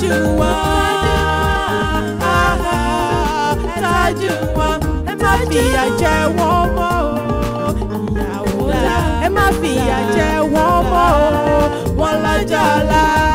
Tajua Tajua ẹ má fìyà jẹ wọ́n mọ́ ìyàwó la ẹ má fìyà jẹ wọ́n mọ́ wọ́n lọ́jọ́ la.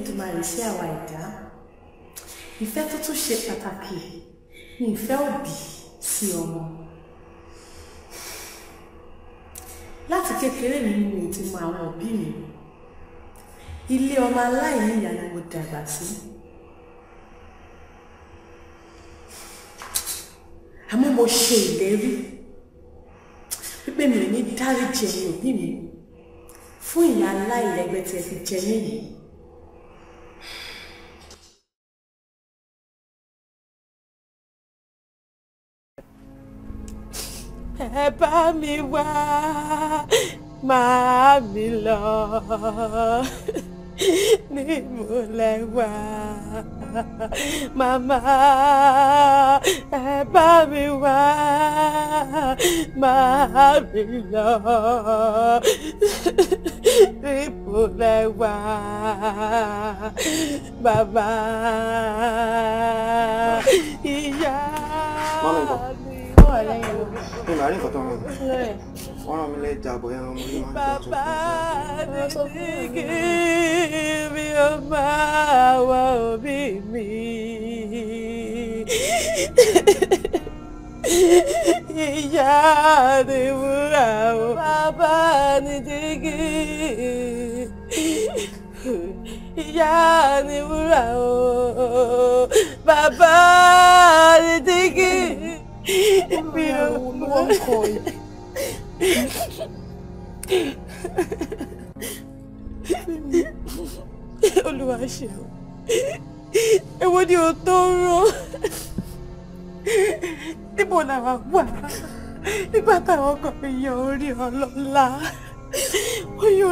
Elédùmarè sí àwa ẹ̀dá ìfẹ́ tó tún ṣe pàtàkì ni ìfẹ́ òbí sí ọmọ láti kékeré mi ni mo ti mọ àwọn òbí mi ilé ọmọ aláìní ìyá ni mo dàgbà sí àmọ́ mo ṣe ìlérí wípé mi ò ní dáríjì ẹ̀yin òbí mi fún ìyá aláìlẹ́gbẹ́ tí ẹ fi jẹ níyìí ẹ bá mi wá máa mi lọ ní ìmúlẹ̀ wá màmá ẹ bá mi wá máa mi lọ ní ìmúlẹ̀ wá bàbá ìyá. Baba, máa rí nǹkan tó mú mi wọ́n rán mi lẹ́jà bọ̀ ẹran mo rí máa ń tó tó. bàbá mi ní kí mi ni wúrà o bàbá ni dígí ìyá ni wúrà o bàbá ni dígí mi ò mọ ọkọ̀ yìí. Olúwa ṣeun èwo ni o tó rán níbo làwọn wà nígbà mi yọ orí ọlọ́lá wọ́n yọ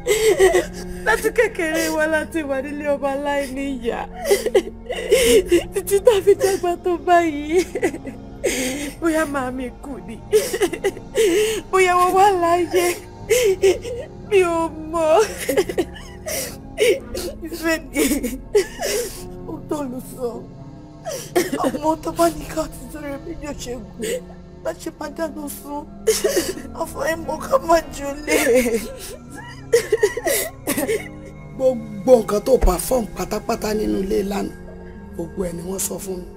láti kékeré wa láti wà nílé ọba aláìní ìyá títí tá a fi dàgbà tó báyìí bóyá màmí kù ni bóyá wọn wà láàyè mi ò mọ ìfẹ́ ni ó tọ́ ló sọ ọmọ tó bá ní ká ti sọ̀rọ̀ mi yóò ṣe gùn láti máa dáná sun àfọ̀ẹ́mọ́ ká má jọlé gbogbo nǹkan tó perform pátápátá nínú ilé lánàá gbogbo ẹ̀ ni wọ́n sọ fún mi.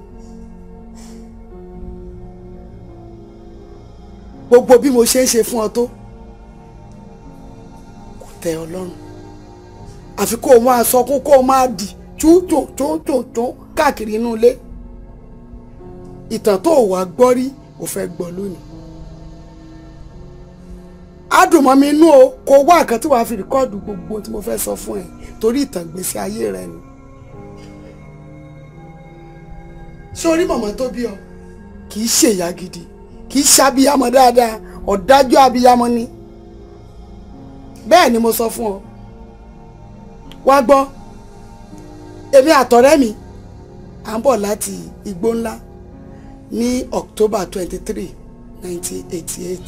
gbogbo bí mo ṣe ń ṣe fún ọ tó kò tẹ ọlọ́run àfi kó o máa sọkún kó o máa dì túntùntùntùn káàkiri inú ilé ìtàn tó o gbọ́ rí o fẹ́ gbọ́ lónìí á dùn mọ́ mi inú o kò wá nǹkan tí wàá fi rìkọ́ọ̀dù gbogbo tí mo fẹ́ sọ fún ẹ torí ìtàn ayé rẹ ni. ṣé orí màmá tó bí ọ kì í ṣe ìyá gidi kì í ṣe abiyamọ dáadáa ọ̀dájú abiyamọ ni bẹ́ẹ̀ ni mo sọ fún ọ wá gbọ́ èmi àtọ̀rẹ́ mi à ń bọ̀ láti igbó ńlá ní October twenty three nineteen eighty eight.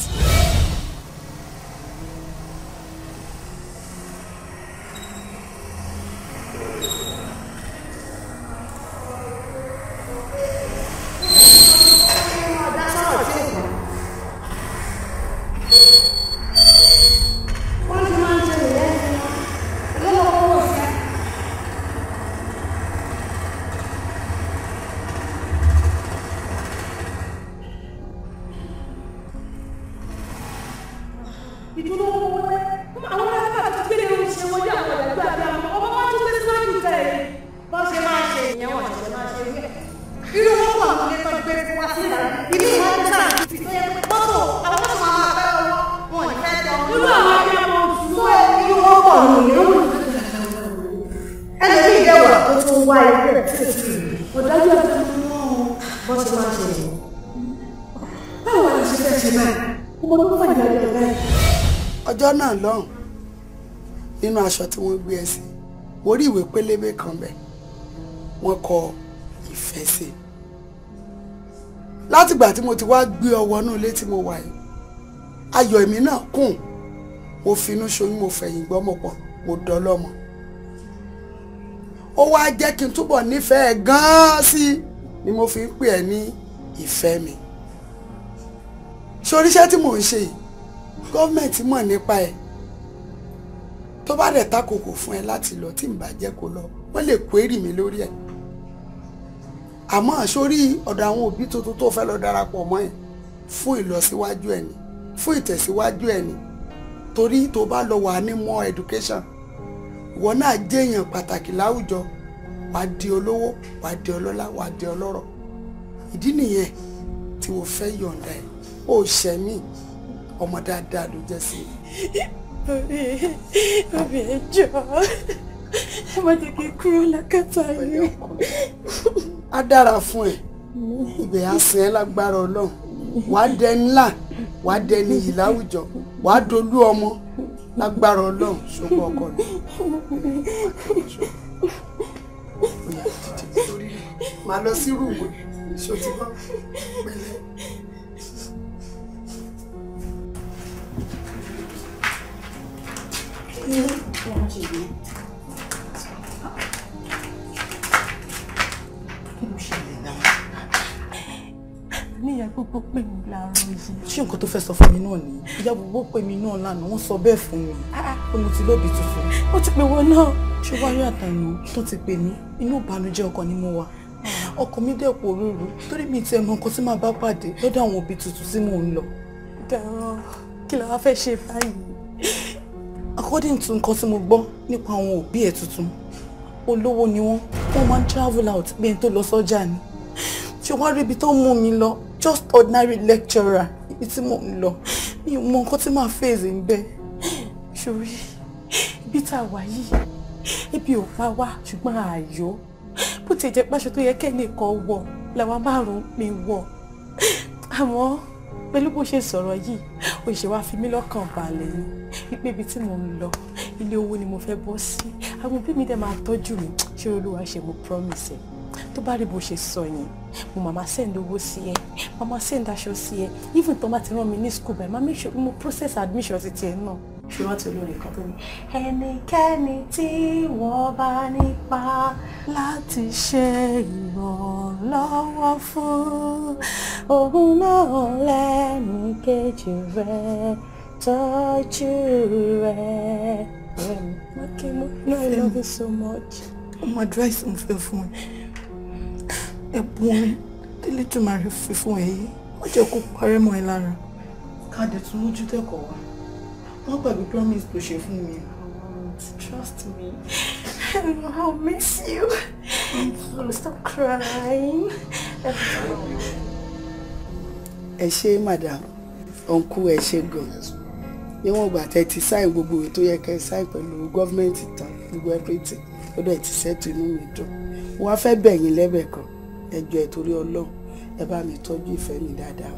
이거 aṣọ tí wọ́n gbé ẹ sí mo rí ìwé pélébé kan bẹ̀ wọ́n kọ ìfẹ́ sí i látìgbà tí mo ti wá gbé ọwọ́ náà létí mo wà yìí ayọ̀ èmi náà kùn mo finú ṣoyún mo fẹ̀yìn gbọ́mọ pọ̀ mo dọlọ́mọ ó wá jẹ́ kí n túbọ̀ nífẹ̀ẹ́ gan-an sí i ni mo fi ń pè ẹ́ ní ìfẹ́ mi ṣoríṣẹ́ tí mò ń ṣe yìí gọ́ọ̀mẹ̀ntì mọ̀ nípa ẹ̀ tó bá dẹ̀ ta kòkò fún ẹ láti lọ tí n bá jẹ́ kó lọ wọ́n lè kó èrì mi lórí ẹ̀ àmọ́ sórí ọ̀dọ̀ àwọn òbí tuntun tó fẹ́ lọ darapọ̀ mọ́ ẹ̀ fún ìlọsíwájú ẹ̀ ni fún ìtẹ̀síwájú ẹ̀ ni torí tó bá lọ wà ní more education ìwọ náà jẹ́ èèyàn pàtàkì láwùjọ wà á di olówó wà á di ọlọ́lá wà á di ọlọ́rọ̀ ìdí nìyẹn tí mo fẹ́ yọ̀ǹda ẹ̀ ó ṣẹ́ mi ọmọ dáadáa ló jẹ́ sí i. obi ẹjọ mo ti kí kúrò lákàtà yìí. á fún ẹ ibẹ̀ á sin ẹ lágbára ọlọ́run wàá dẹ ńlá wàá dẹ níyì láwùjọ wàá dolú ọmọ lágbára ọlọ́run ṣùgbọ́n ọkọ rẹ. màá 嗯，两几年。好，kí ló ṣẹlẹ̀ náà? ní ìyá gbogbo pè mí láàárọ̀ yìí. ṣé nǹkan tó fẹ́ sọ fún mi náà ni ìyá gbogbo pè mí náà lánàá wọ́n sọ bẹ́ẹ̀ fún mi pé mo ti lóbi tuntun. ó ti pè wọ́n náà. ṣé wàá rí àtàyàn tó ti pè mí inú ìbànújẹ́ ọkàn ni mo wà ọkàn mi dẹ̀ pò rúru torí mi ti ẹnu ọkọ tí màá bá pàdé lọ́dọ̀ àwọn òbí tuntun tí mò ń lọ. dẹ̀rọ kí la wá fẹ́ ṣe báyìí according to nǹkan tí mo gbọ́ nípa àwọn òbí ẹ̀ tuntun olówó ni wọ́n wọ́n máa ń travel out bí ẹni tó lọ sọ́jà ni ṣé wàá rí ibi tó mú mi lọ just ordinary lecturer ibi tí mò ń lọ mi ò mọ nǹkan tí màá fèsì ń bẹ ṣòrí ibi tá a wà yìí ibi ò pa wá ṣùgbọ́n ààyò bó ti jẹ́ pàṣẹ tó yẹ kẹ́ni kan wọ̀ làwọn márùn-ún mi wọ̀ àmọ́ pẹ̀lú bó ṣe sọ̀rọ̀ yìí ó ṣe wá fi mí lọ́kàn balẹ̀ ni wípé ibi tí mò ń lọ ilé owó ni mo fẹ́ bọ́ sí àwọn òbí mi dẹ̀ máa tọ́jú mi ṣé olúwa ṣe mo promise tó bá rí bó ṣe sọ yẹn mo màmá send owó sí ẹ màmá send aṣọ sí ẹ even tó bá ti rán mi ní school báyìí màmá make sure mo process admission ti tiẹ̀ náà ṣùgbọ́n tí olórin kan tó ní. ẹnikẹ́ni tí wọ́n bá nípa láti ṣe ìrànlọ́wọ́ fún òun náà lẹ́nu kejì rẹ̀ tọ́jú rẹ̀. ọ̀rẹ́ mi mákèmọ́ no I love you so much. ọmọ advice mo fẹ́ fún ẹ ẹ̀bùn orin délé tó máa fi fún ẹ yìí wọ́n jẹ́ kó parẹ́ mọ́ ẹ lára. ká tún mójú tẹ́kọ̀ọ́ wa wọ́n gbàgbé promise to ṣe fún me. Trust me. I'll miss you. I'll stop crying. Ẹ ṣé madam, ọ̀nkú ẹ ṣé gan-an. Níwọ̀n ìgbà tẹ ti sign gbogbo ètò yẹ kẹ́ sign pẹ̀lú gọ́fìmẹ̀ntì tán gbogbo everything ó dẹ̀ ti sẹ́tù inú mi dùn. Wọ́n á fẹ́ bẹ̀yìn lẹ́bẹ̀ẹ́ kan ẹjọ́ ẹ̀ torí Ọlọ́run ẹ bá told you ìfẹ́ mi dáadáa.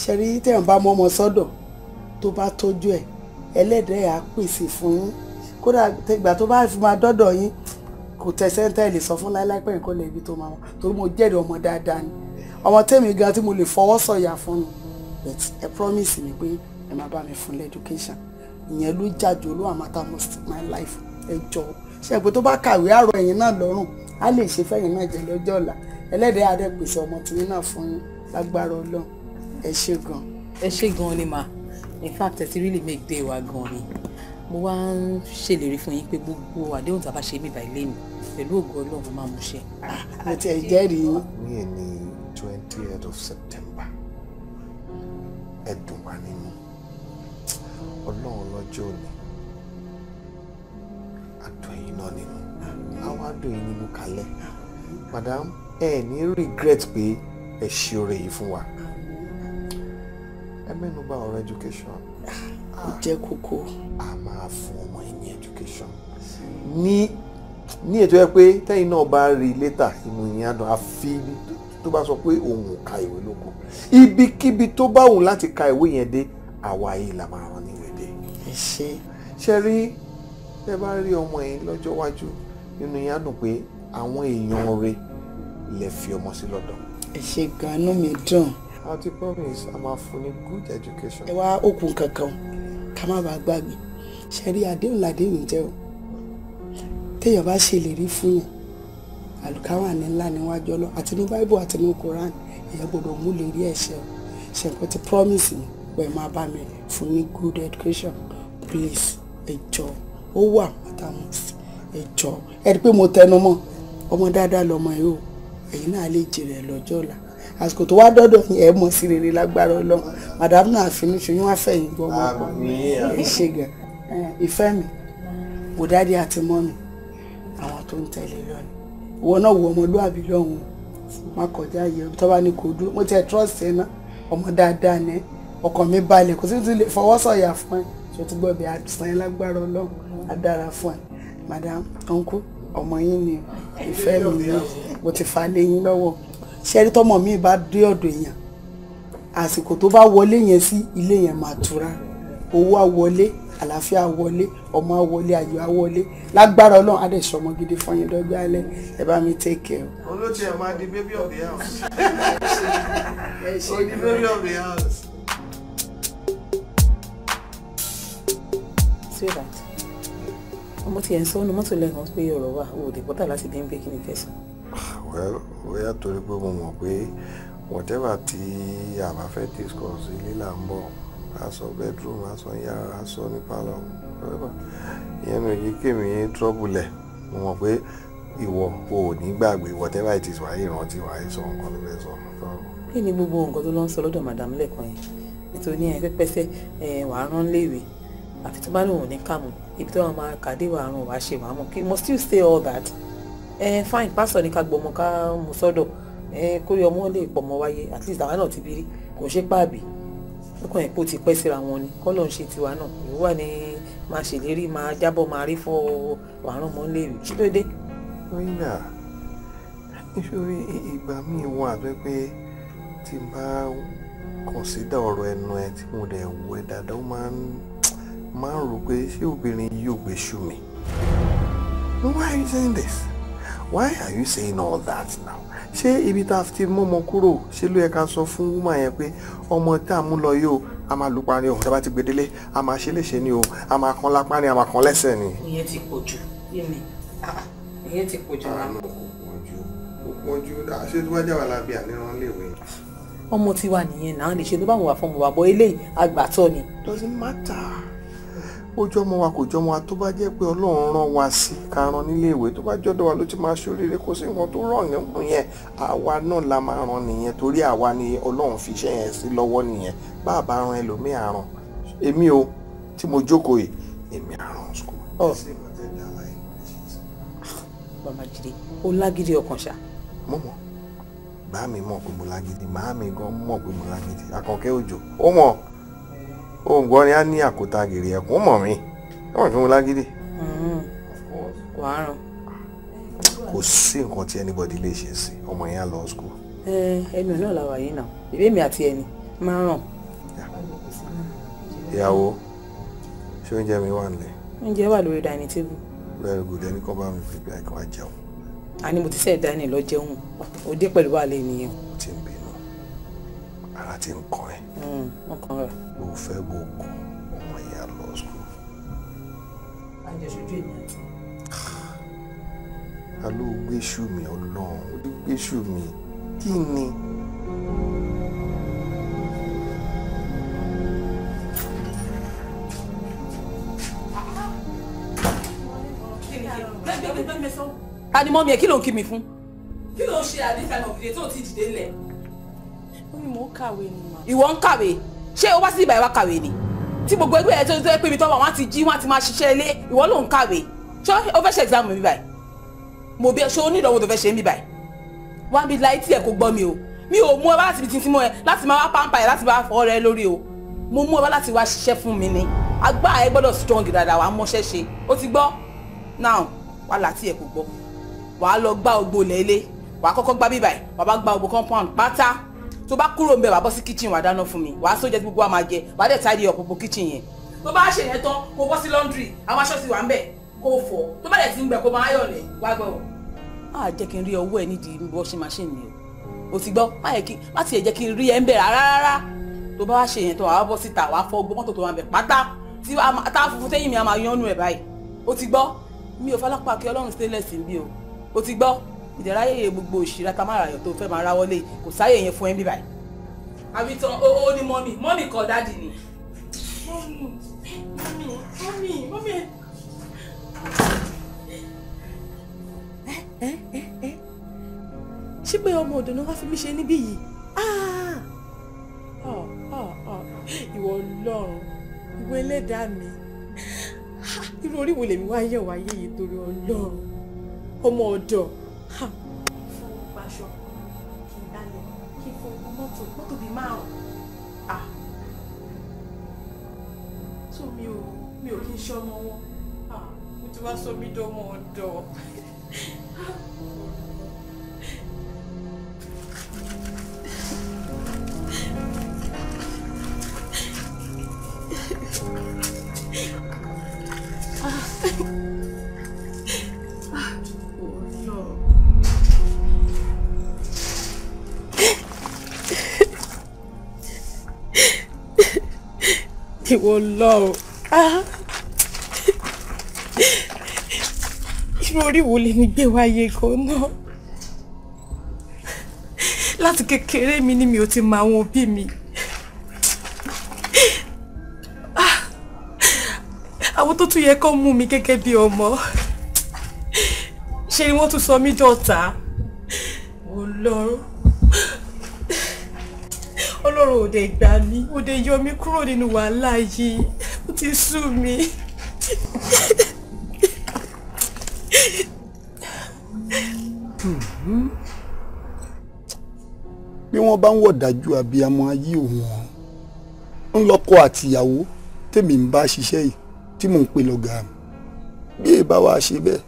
Ṣé rí tẹ̀yàn bá mọ́ ọmọ sọ́dọ̀? tó bá tọ́jú ẹ̀ ẹlẹ́dẹ̀ á pèsè fún yín kódà tẹgbà tó bá fi máa dọ́dọ̀ yín kò tẹsẹ̀ ń tẹ̀lé sọ fún láíláí pẹ̀lú kọ́ lẹ́bi tó máa wọn torí mo jẹ́rìí ọmọ dáadáa ni ọmọ tèmi gan tí mo lè fọwọ́ sọ̀yà fún un but ẹ promise mi pé ẹ máa bá mi fún lẹ́dúkéṣàn ìyẹn ló jàjò ló wà matter most of my life ẹ jọ ṣe pé tó bá kàwé àrò ẹ̀yìn náà lọ́rùn á lè ṣe fẹ́yìn náà jẹ lọ́jọ́ ọ̀la ẹlẹ́dẹ̀ẹ́ adẹ́pèsè ọmọ tìyín náà fún yín lágbára ọlọ́run ẹ ṣé gan. ẹ ṣé gan ni màá in fact ẹ ti really make day wa gan ni mo wá ń ṣèlérí fún yín pé gbogbo àdéhùn tá a bá ṣe mí báyìí lé mi pẹ̀lú ògo ọlọ́run máa mú ṣẹ. àti ẹ̀jẹ̀ rí i. ní ẹni twentieth of september ẹ̀dùn wà nínú ọlọ́run lọ́jọ́ òní àdùn ẹ̀yìn náà nínú àwọn àdùn ẹ̀yìn nínú kalẹ̀ madam ẹ ní regret pé ẹ ṣe oore yìí fún wa ẹ mẹ́nu bà ọ̀rọ̀ education. ó jẹ́ kókó. a máa fún ọmọ yín ní education. ní ní ètò yẹ pé tẹ́yìn náà bá rí i létà inú yín á dùn àfi tó bá sọ pé òun ò ka ìwé lóko ibikíbi tó bá wù láti ka ìwé yẹn dé àwa yìí la máa rán ní ìwé dé. ẹ ṣe. ṣe rí ẹ bá rí ọmọ yín lọ́jọ́ iwájú inú yín á pé àwọn èèyàn rẹ lè fi ọmọ sí lọ́dọ̀. ẹ ṣe ganú mi dùn a promise a máa fún ní good education. ẹ wá okùn kankan ká má bàa gbàgbé ṣe rí àdéhùn làdéhùn jẹ́ o téèyàn bá ṣèlérí fún yàn àlùkáwà ní ńlá níwájú ọlọ àti ní báíbù àti ní koran èèyàn gbọ́dọ̀ mú lè rí ẹ̀ṣẹ̀ o ṣe nǹkan ti promise mi pé máa bá mi fún ní good education please ẹ jọ̀ọ́ ó wà matamus ẹ jọ̀ọ́ ẹ rí i pé mo tẹnu mọ́ ọmọ dáadáa lọmọ yìí o èyí náà lè jèrè lọ́jọ́ ọ̀la àsìkò tó wá dọ́dọ̀ yẹn ẹ mọ̀ sí rere lágbára ọlọ́run madam náà àfinú ṣoyún àfẹ̀yìn gbọ́ ọmọ ọkọ ìṣe gan ìfẹ́ mi wò dáadé àti mọ́ mi àwọn tó ń tẹ̀lé lọ́ni ìwọ náà wo ọmọlúàbí lọ́hùn má kọjá yẹ tó bá ní kò dúró mo tiẹ̀ trust ẹ ná ọmọ dáadáa ní ọkàn mi balẹ̀ kò sí ti lè fọwọ́ sọ̀yà fún ẹ tó ti gbọ́ ẹ lágbára ọlọ́run á fún ẹ madam uncle ọmọ yín ni ìfẹ́ mi ni mo ti fà lé lọ́wọ́ ṣẹ́rí tọ́mọ mi bá dé ọ̀dọ̀ èèyàn àsìkò tó bá wọlé yẹn sí ilé yẹn máa tura owó á wọlé àlàáfíà á wọlé ọmọ á wọlé ayọ̀ á wọlé lágbára ọlọ́run á dẹ̀ sọmọ gidi fọyín dọ́gbẹ́ alẹ́ ẹ bá mi take care. olóòtú ẹ̀ máa di baby of the house. ó di baby of the house. sweetheart ọmọ tí ẹ ń sọ ọ́ nu mọ́tò lẹ́gàn pé ọ̀rọ̀ wà ó dé bọ́tà láti dé ń gbé kí ni fẹ́ sọ well bóyá torí pé mo mọ̀ pé whatever tí a bá fẹ́ discuss ilé là ń bọ̀ a bedroom a sọ yàrá a sọ ní pálọ̀ ìyẹn mi ò yí kémi trouble ẹ̀ mo mọ̀ pé ìwọ o ò ní gbàgbé whatever it is wàá ìrántí wàá sọ nǹkan tó fẹ́ sọ. kí ni gbogbo nǹkan tó lọ ń sọ lọ́dọ̀ madam lẹ́ẹ̀kan yẹn nítorí ẹ pẹ́pẹ́sẹ́ ẹ wàá rán léèwé àfi tó bá lóun ní kàmù ibi tó wà máa kàdé wàá rán wàá ṣe wàá mọ̀ kí mo still say all that ẹ eh, fine pásítọ̀ ní ká gbọmọ ká mú sọ́dọ̀ ẹ eh, kórè ọmọ lè pọmọ wáyé at least àwa náà ti bí rí kò ṣe páàbì lókàn ẹ̀ pò ti pẹ́ síra wọn ni kọ́lọ̀ ń ṣe tiwa náà ìwọ wà ní máa ṣèlérí máa jábọ̀ máa rí fọ́ àrùn ọmọ léèrè kí ló dé. rínà nítorí ìgbà míì wà tó pé tí n bá kọ̀ǹsídà ọ̀rọ̀ ẹnu ẹ tí mo dẹ̀ wọ ẹ dáadáa ó máa ń máa ń rò pé ṣé obìnrin yóò gbé ṣù mí. why are you saying this? why are you saying all that now ṣé ibi tá a ti mú ọmọ kúrò ṣé ló yẹ ká sọ fún woman yẹn pé ọmọ tá a mú lọ yìí o a máa lù parí o tá a bá ti gbedele a máa ṣe léṣe ni o a máa kan lápá ni a máa kan lẹ́sẹ̀ ni. ìyẹn ti pọ̀ jù yémi ah, ìyẹn ti pọ̀ jù ah, náà. àánú kò pọ̀ jù kò pọ̀ jù ṣé tí wọ́n jáwàá lábẹ́ àníran léwe. ọmọ tiwa nìyẹn náà lè ṣe tó bá wà fún ọmọ wa bọ eléyìí àgbàtọ́ ni. doesn't matter ó jọmọ wa kò jọmọ wa tó bá jẹ́ pé ọlọ́run rán wa sí ká rán nílé ìwé tó bá jọ́dọ̀ wa ló ti máa ṣoríire kó sí nǹkan tó ràn nínú yẹn àwa náà la máa ràn nìyẹn torí àwa ni ọlọ́run fi iṣẹ́ yẹn sí lọ́wọ́ nìyẹn bá a bá ran ẹlòmíì àràn èmi o tí mo jókòó yìí èmi àràn sùkúl. Oh. bàbá Jídé ó lágídí ọkàn ṣá. mo mọ bá mi mọ pé mo lágídí màá mi gan mọ pé mo lágídí àkànkẹ́ òjò ó mọ̀ ògbọ́nrin á ní àkótá gèrè ẹ̀kún mọ̀ mi wọ́n fi mú lágídí. Hmm, wàá ràn. kò sí nǹkan tí anybody lè ṣe sí ọmọ yẹn á lọ school. ẹnu náà làwà yìí náà bèbè mi àti ẹni máa ràn. ìyàwó ṣé oúnjẹ mi wà nílẹ̀. oúnjẹ wà lórí dining table. very good ẹni kan bá mi fi bí i kan wá jẹun. a ní mo ti sẹ́ẹ̀ dání lọ jẹun òde pẹ̀lú wà lẹ́nu ara ti ń kan ẹ. ọkàn hmm, rẹ. bó o fẹ́ bó o kọ ọmọ yẹn á lọ sùkúl. àjẹsójú èmi. alo gbéṣù mi ọlọ́run gbéṣù mi kí ni. ta ni mọ́ mi ẹ̀ kí ló ń kí mi fún. kí ló ń ṣe àdéfẹ́ ọ̀gbìn tó ti dìde lẹ̀ mi mò ń kàwé ni mà. ìwọ ń kàwé ṣé o wá sí ibà ìwà kàwé ni tí gbogbo ẹgbẹ́ ẹ tó tó pé ibi tó wà wọ́n á ti jí wọ́n á ti máa ṣiṣẹ́ ilé ìwọ ló ń kàwé ṣé o fẹ́ ṣe exam mi báyìí mo bí ẹ ṣé o ní ìdánwò tó fẹ́ ṣe mi báyìí wá mi la etí ẹ kó gbọ́ mi o mi ò mú ẹ wá láti fi tintin mọ ẹ láti máa wá pàǹpà ẹ láti máa fọ rẹ lórí o mo mú ẹ wá láti wá ṣiṣẹ́ fún mi ni agbá ẹ gbọ́dọ̀ strong dáadáa wàá mọṣẹ́ ṣe o ti gbọ́ now wá láti ẹ kó gbọ́ wàá lọ gbá ogbó lẹ́lé wàá kọ́kọ́ gbá bíbáyìí wàá bá gbá ogbó compound pátá tó bá kúrò ńbẹ̀ wàá bọ́ sí kitchen wàá dáná fún mi wàá sóúnjẹ tí gbogbo wa máa jẹ wàá dẹ̀ tidy up gbogbo kitchen yẹn tó bá ṣe yẹn tán kó bọ́ sí laundry àwọn aṣọ ti wà ńbẹ̀ kó fọ̀ tó bá dẹ̀ ti ń gbẹ kó máa yọ̀ lẹ̀ wá gbọ́. a jẹ́ kí n rí ọwọ́ ẹ nídìí washing machine mi o ò ti gbọ́ má yẹ kí má ti yẹ jẹ́ kí n rí ẹ ń bẹ̀ rárá rárá tó bá wá ṣe yẹn tán wàá bọ́ síta wàá fọ gbogbo mọ́tò tó wà ńbẹ̀ pátá tí a funfun tẹ́yìn mi a máa yánnu ẹ̀ báyìí o ti gbọ́ mi ò fọlọ́pàá kí ọlọ́run sílẹ̀ sí bí o o ti gbọ́ ìdẹ̀ráyè gbogbo òṣìṣẹ́ tamára tó fẹ́ máa ráwọ́lé kò sáyè yẹn fún ẹ bíbá yìí. àbítan ó ó ní mọ́mì mọ́mì kọ́ dáàdì ni. mọ́mì mọ́mì mọ́mì. ṣé pé ọmọ ọ̀dọ̀ ni wọ́n fi mí ṣe níbí yìí? Ah! Ah, ah, ìwọ ọlọ́run ìwọ ẹlẹ́dàá mi irú orí wo lèmi wá yẹ̀ wáyé yìí torí ọlọ́run ọmọ ọ̀dọ̀ fún gbaṣọ kí n dalẹ̀ kí n fún ọkọ̀ mọ́tò mọ́tò bíi márùn-ún tó mi ò mi ò kí n ṣe ọmọ wọn ah, mo ti wá sọ mí dánwò ọ̀dọ́. Thank ah. you. ìwọ lọ́rùn ah. irú orí wo lè ní gbé wáyé gan náà láti kékeré mi ni mi ò ti mọ àwọn òbí mi ah. àwọn tó tún yẹ kó mú mi gẹ́gẹ́ bí ọmọ ṣe ni wọ́n tún sọ mí jọ̀tá ọlọ́run ọlọ́run òde ìgbà mi òde yọ mi kúrò nínú wàhálà yìí ó ti sú mi. Hmm. bí wọ́n bá ń wọ̀dájú abiyamọ ayé òun ń lọ́kọ àtìyàwó tèmi ń bá ṣiṣẹ́ yìí tí mò ń pè lọ́gàá mi bí èèbá wa ṣe bẹ́ẹ̀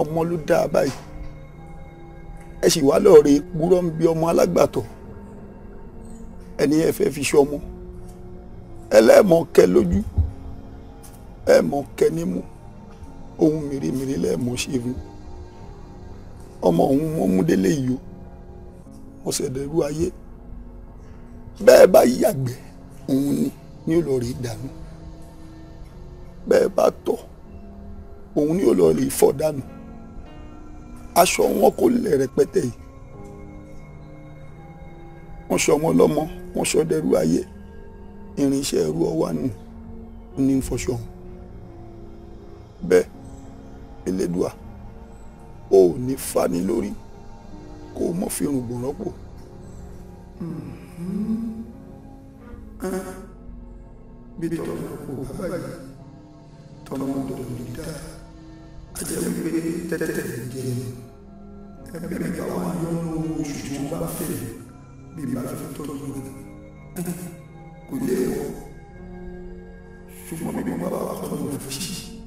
ọmọ ló dáa báyìí ẹ sì wá lọ́ọ́ rè gbúrọ́ bí ọmọ alágbàtọ́ ẹni ẹ fẹ́ fi ṣọmọ ẹlẹ́mọ̀ kẹ lójú ẹ̀mọ̀ kẹ nímú ohun mìrìmìrì lẹ́ẹ̀mọ̀ ṣe fún ọmọ òun wọn mú délé yìí o wọn ṣẹ̀dẹ̀rú ayé bẹ́ẹ̀ bá yàgbẹ́ òun ni ní olórí dànù bẹ́ẹ̀ bá tọ̀ òun ní olórí fọ̀ dànù aṣọ wọn kò lẹ̀ rẹpẹtẹ yìí wọ́n sọ ọmọ lọ́mọ wọ́n sọ dẹrú ayé irinṣẹ́ ẹrú ọwá nù ní fọṣọ bẹ́ẹ̀ elédùà ò ní fani lórí kó o mọ̀ fi rùngbọ̀n rọ́pò. bí tọ́lá kò bá yìí tọ́lá mọ́tò lè dá ajẹ́ pé tẹ́tẹ́ lè jẹ́ ẹgbẹ́ mi bá wà yọ̀ọ́ oṣù tí wọ́n bá fẹ́ mi basato nuna kudeo suma mi mara kono na fishi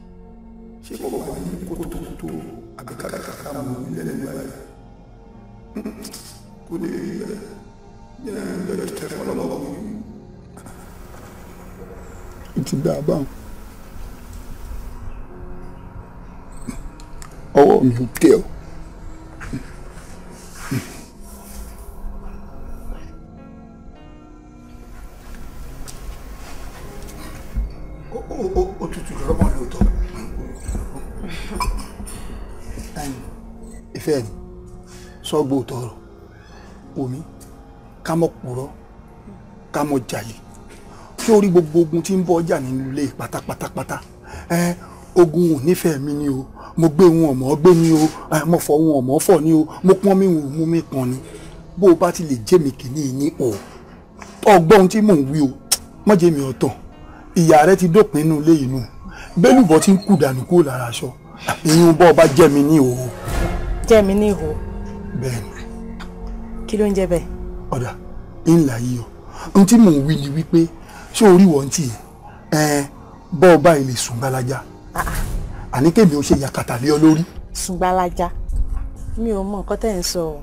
se ko ba ni ko to to a cara ka mu lele mai kude ya ya ya te ko lo ti da ba ọwọ́ mi ò sọ́gbó tọrọ omi ká mọ̀ purọ́ ká mọ̀ jalè kí orí gbogbo ogun tí ń bọ́ ọjà nínú ilé pátápátápátá ẹ ogun ò nífẹ̀ẹ́ mi ni o mo gbé wọn ọmọ gbé mi o mo fọ wọn ọmọ fọ ni o mo pọn mi wọn mú mi pọn ni bó o bá ti lè jẹ́ mi kìíní ní o ọgbọ́n tí mò ń wí o má jẹ́ mi ọ̀tọ̀ ìyá rẹ ti dópin inú ilé inú bẹ́lùbọ́ ti ń kú dànù kúrò lára aṣọ ìyún bọ́ ọ bá jẹ́ mi ní o. jẹ́ mi ní ihò bẹ́ẹ̀ ni. kí ló ń jẹ bẹ́ẹ̀. ọ̀dà ńlá yìí o ohun tí mò ń wí ni wípé ṣé orí wọ́n ti yẹn bọ́ ọ báyìí lè sùn gbalaja ah, ah. àní kémi ò ṣe yàkàtà lé ọ lórí. sùn gbalaja mi ò mọ nǹkan tẹ́ ń sọ o.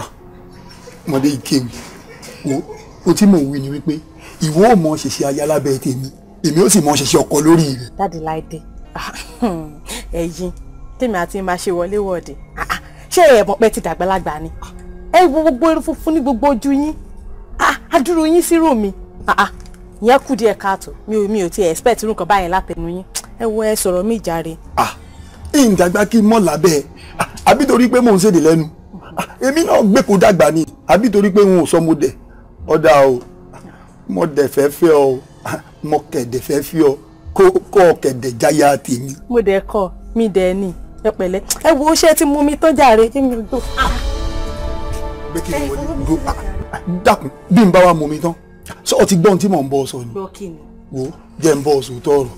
Ah, mọ̀dé ìkéwì wo ohun tí mò ń wí ni wípé ìwọ ò mọ ṣèṣe aya lábẹ́ tèmi èmi ò sì mọ ṣèṣe ọkọ lórí rẹ. dáàdi láìdé hmm, ẹyin tèmi àti máa ṣe wọléwọ̀de ṣé ẹ̀mọ́ pẹ́ ti dàgbàlagbà ni ẹ wo gbogbo irun funfun ní gbogbo ojú yín adúrú yín sírù mi ìyẹn kù díẹ̀ káàtó mi ò mi ò ti expect irun kan báyẹn látẹnu yín ẹ wo ẹ sọ̀rọ̀ mi jàre. ẹ̀yìn dàgbà kí n mọ̀ lábẹ́ ẹ àbí torí pé mò ń ṣèdè lẹ́nu èmi náà gbé kó dàgbà ni àbí torí pé n ò sọ mo dẹ̀ ọ̀dà o mo dẹ̀ fẹ́ fẹ́ ọ mo kẹ̀dẹ̀ fẹ́ fẹ́ ọ kó kọ́ kẹ̀dẹ̀ jáyà tèmi. mo dẹ̀ kọ́ mi dẹ̀ ni ẹ pẹ̀lẹ́ ẹ wo iṣẹ́ tí mú mi tó jàre kí mi gbó. pé kí ni wọlé gbó ah, ah, dákun bí n bá wa mú mi tán ṣé o ti gbọ́n tí mò ń bọ́ ọ sọ ni wo jẹ́ ń bọ́ ọ sòótọ́ ọ̀rọ̀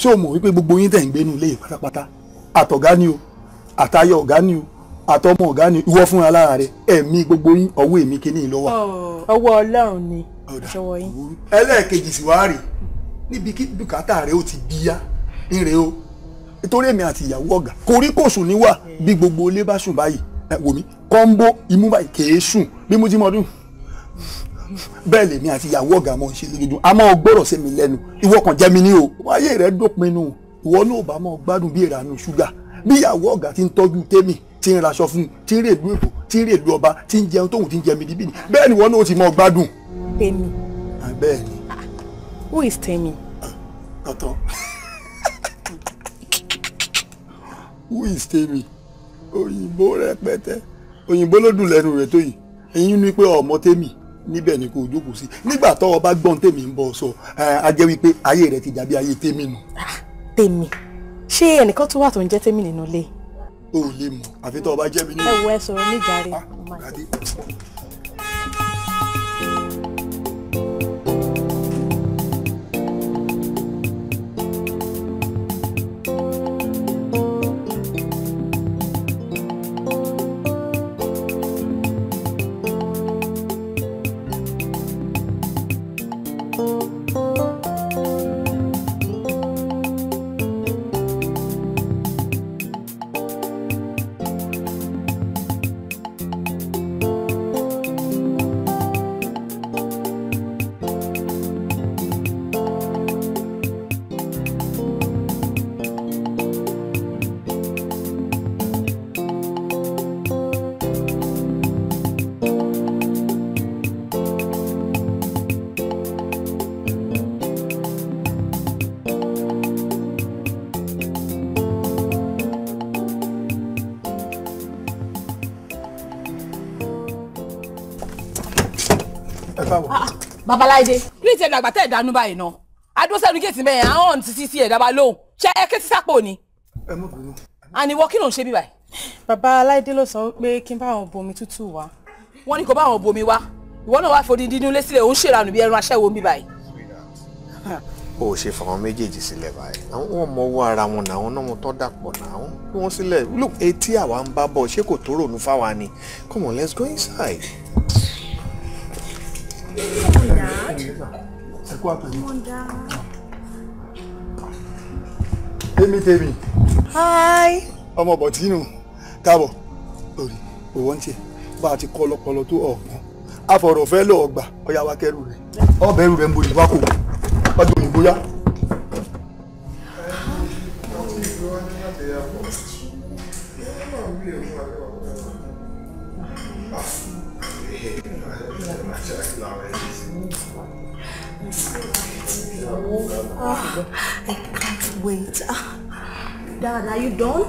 ṣé o mọ̀ wípé gbogbo yín tẹ̀ ń gbénu ilé pátápátá àtọ̀gá ni o àtayọ̀ ọ̀gá ni o àtọmọ ọ̀gá ni ìwọ fúnra lára rẹ ẹ̀mí gbogbo yín ọwọ́ èmi kìíní ló wà. ọwọ́ ọlọ́run ni ṣọwọ́ yín. ẹlẹ́ẹ̀kejì sì wá rèé níbi kí bùkátà rẹ ó ti bíyá ń rèé o torí èmi àti ìyàwó ọ̀gá koríkòsùn ni wà bí gbogbo ilé bá sùn báyìí ẹ wò mí kọ́ńbó imú báyìí kèé sùn bí mo ti mọ ọdún bẹ́ẹ̀ lèmi àti ìyàwó ọ̀gá mọ̀ ń ṣe lójoojúmọ́ a máa gbọ́rọ̀ sí mi lẹ́nu ìwọ kan jẹ́ mi ní o wáyé rẹ dópin nù ìwọ náà bá máa gbádùn bí ìranù ṣúgà bí ìyàwó ọ̀gá ti ń tọ́jú tèmi ti ń raṣọ fún un ti ń rèlú èkó ti ń rèlú ọba ti ń jẹun tóun ti ń jẹ níbí ni bẹ́ẹ̀ ni ìwọ náà ti máa gbádùn. tèmi. bẹ́ẹ̀ ah, who is tèmi. ọ̀tọ̀. who is tèmi Oyinbo rẹpẹtẹ Oyinbo ló dùn lẹ́nu rẹ̀ tó yìí ẹ̀yin ni pé ọmọ tèmi níbẹ̀ ni kò jókòó sí nígbà tọ́wọ́ bá gbọ́n tèmi ń bọ̀ sọ a jẹ́ wípé ayé rẹ̀ ti dàbí ayé tèmi nù. Ah, tèmi ṣé ẹnìkan tó wà tó ń jẹ́ tèmi nínú ilé. o ò lè mọ̀ àfi tọ́wọ́ bá jẹ́ mi nínú. ẹ wọ ẹ sọ̀rọ̀ níjàre. Ah, babaláyé. please ẹnu àgbàtà ìdánú báyìí náà adúrósẹ́nu gèètì mẹ́yìn àwọn títí sí ẹ̀dá bá lóhùn ṣé ẹ ké sísàpò ni. ẹ mọ̀ bínú. àníwọ̀ kí ló ń ṣe bí báyìí. bàbá aláìdé ló sọ pé kí n bá àwọn bomi tútù wá. wọ́n ní kó bá àwọn bomi wá ìwọ náà wàá fòdì dínú lé sílẹ̀ òun ṣèrànù bí ẹran aṣẹ́wó ń bí báyìí. o ò ṣe fàwọn méjèèjì sílẹ̀ báyìí àwọn ọmọ owó ara look etí àwa ń bá bọ̀ ṣé kò tó come on let's go inside. Mon dad. C'est quoi ton nom Mon dad. Tèmi Tèmi. Hi. Ọmọ Bọ̀tínù, káàbọ̀. Torí òwò ń tiẹ̀ bá a ti kọ́ lọ́pọlọ tó ọ̀gbọ́n. Afọ̀rọ̀fẹ́ lọ ọgbà ọ̀yá wa kẹ́rù rẹ̀. Ọbẹ̀ rù rẹ̀ ń bolè wá kò wọ́n. Ọjọ́ Oh, I can't wait. Dad, are you done?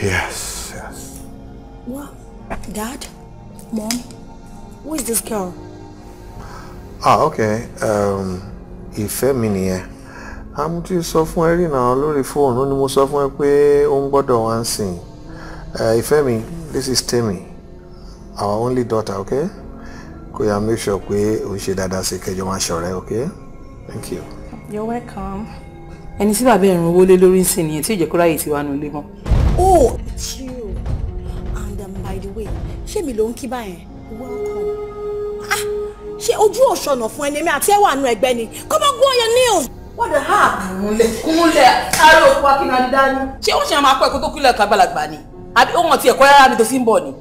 Yes, yes. What? Dad? Mom? Who is this girl? Ah, okay. Um, Ìfẹ́ mi nìyẹn. A mú ti sọ fún ẹ rí náà lórí fóònù ó ní mo sọ eh, this is Temi, our only daughter, okay? Kò yá make sure we o ṣe a sí kẹjọ máa ṣọ̀rẹ́, okay? Thank you. You're welcome. And tí bàbá ẹ̀rùn being lé lórí nsìn nìyẹn tí ìjẹ́kúrá yìí ti wà nílé mọ́. Oh, it's you. And um, by the way, she mi ló ń kí Welcome. Ah, she Oju òṣùnà fún ẹni mi àti ẹwà nu ẹgbẹ́ ni? Come on, go on your nails. What the heck? Kúnlẹ̀ kúnlẹ̀ ara òkú akínadí dání. She ó ṣe máa kọ́ ẹ̀kọ́ tó kúnlẹ̀ kábàlàgbà ni? Àbí ó hàn ti ẹ̀kọ́ rárá mi tó fi ń bọ̀ ni?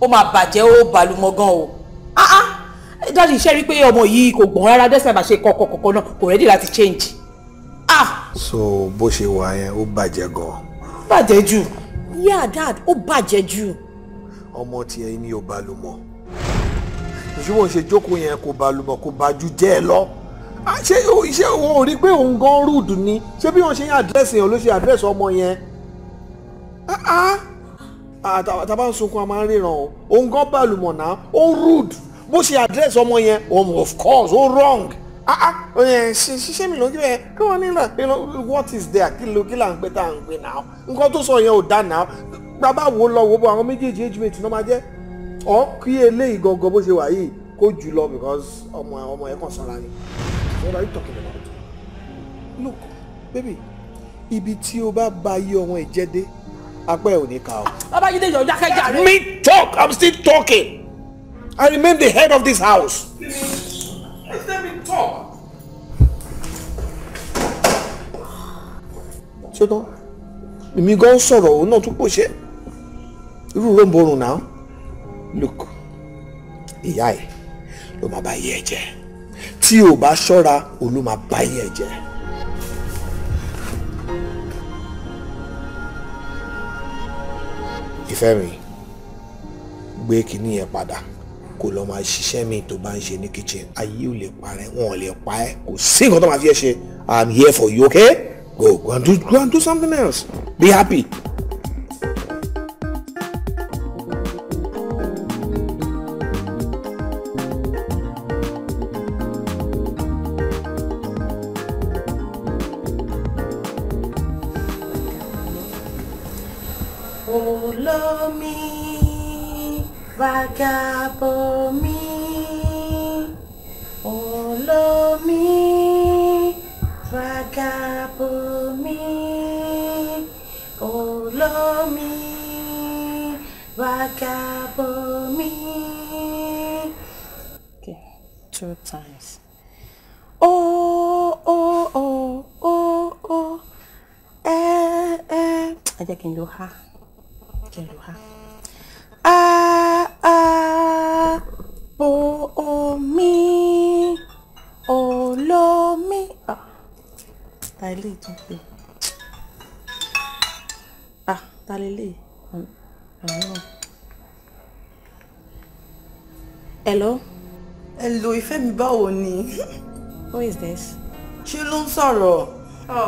Ó máa bàjẹ́ ó balùmọ̀ gan o. Ah ah! dáàdì iṣẹ́ rí pé ọmọ yìí kò gbọ̀n rárá dẹ́sẹ̀ bá ṣe kọ̀kọ̀ kọ̀kọ̀ náà kò rẹ́dì láti change. ah. so bó ṣe wà yẹn ó bàjẹ́ gan bàjẹ́ jù. yeah dad ó bàjẹ́ jù. ọmọ tiẹ̀ ni ò bá lu mọ́ ìṣúwọ̀n ṣe jókòó yẹn kò bá lu mọ́ kò bá ju jẹ́ ẹ lọ ṣé iṣẹ́ wọn ò rí pé òun gan rúdù ni ṣé bí wọ́n ṣe ń àdírẹ́sì yẹn ló ṣe àdírẹ́sì ọmọ yẹn tá ah, a ah. ah, bá ń sunkún a máa ń ríran o òun gan bàlùmọ̀ náà ó rúdù bó ṣe address ọmọ yẹn um, of course ó wrong ah ah ṣiṣẹ́ mi ló kí ẹ kí wọ́n nílò what is there kí ló kí là ń pẹ́ tá à ń pè náà nǹkan tó sọ yẹn ò dá náà bàbá wo lọ wo bọ àwọn méjèèjì age mate náà máa jẹ́ ọ̀ kí eléyìí gangan bó ṣe wà yìí kó jù lọ because ọmọ ọmọ yẹn kàn sanra ni what are you talking about look baby ibi tí o bá ba iye ọmọ ìjẹ́dé apẹ́ ò ní ká o. babájídé yọjọ akẹ́jà rẹ. me talk i'm still talking. I remain the head of this house. Please, let me talk. ṣé tán èmi gan sọ̀rọ̀ òun náà tún pò ṣe irú ló ń look ìyá ẹ̀ ló máa bá yẹ ẹ jẹ tí ò bá ṣọ́ra òun ló máa bá yẹ ẹ jẹ kó lọ máa ṣiṣẹ́ mi tó bá ń ṣe ní kitchen ayé ò lè parẹ́ wọn ò lè pa ẹ́ kò sí nǹkan tó máa fi ẹ ṣe i'm here for you okay go go and do go and do something else be happy Vagabomi, Olomi, Vagabomi, Olomi, Vagabomi. Okay, two times. Oh, oh, oh, oh, oh, eh, eh. Ẹ jẹ́ kí n lo ha, kí n Ah. àpò omi olómi. Ah, ta ilé ìtún pé ah, ta lélẹ̀ ọ̀hún. Hmm, hmm, hmm. hello. hello ìfẹ́ mi báwo ni. who is this. ṣé ló ń sọ̀rọ̀. ọ̀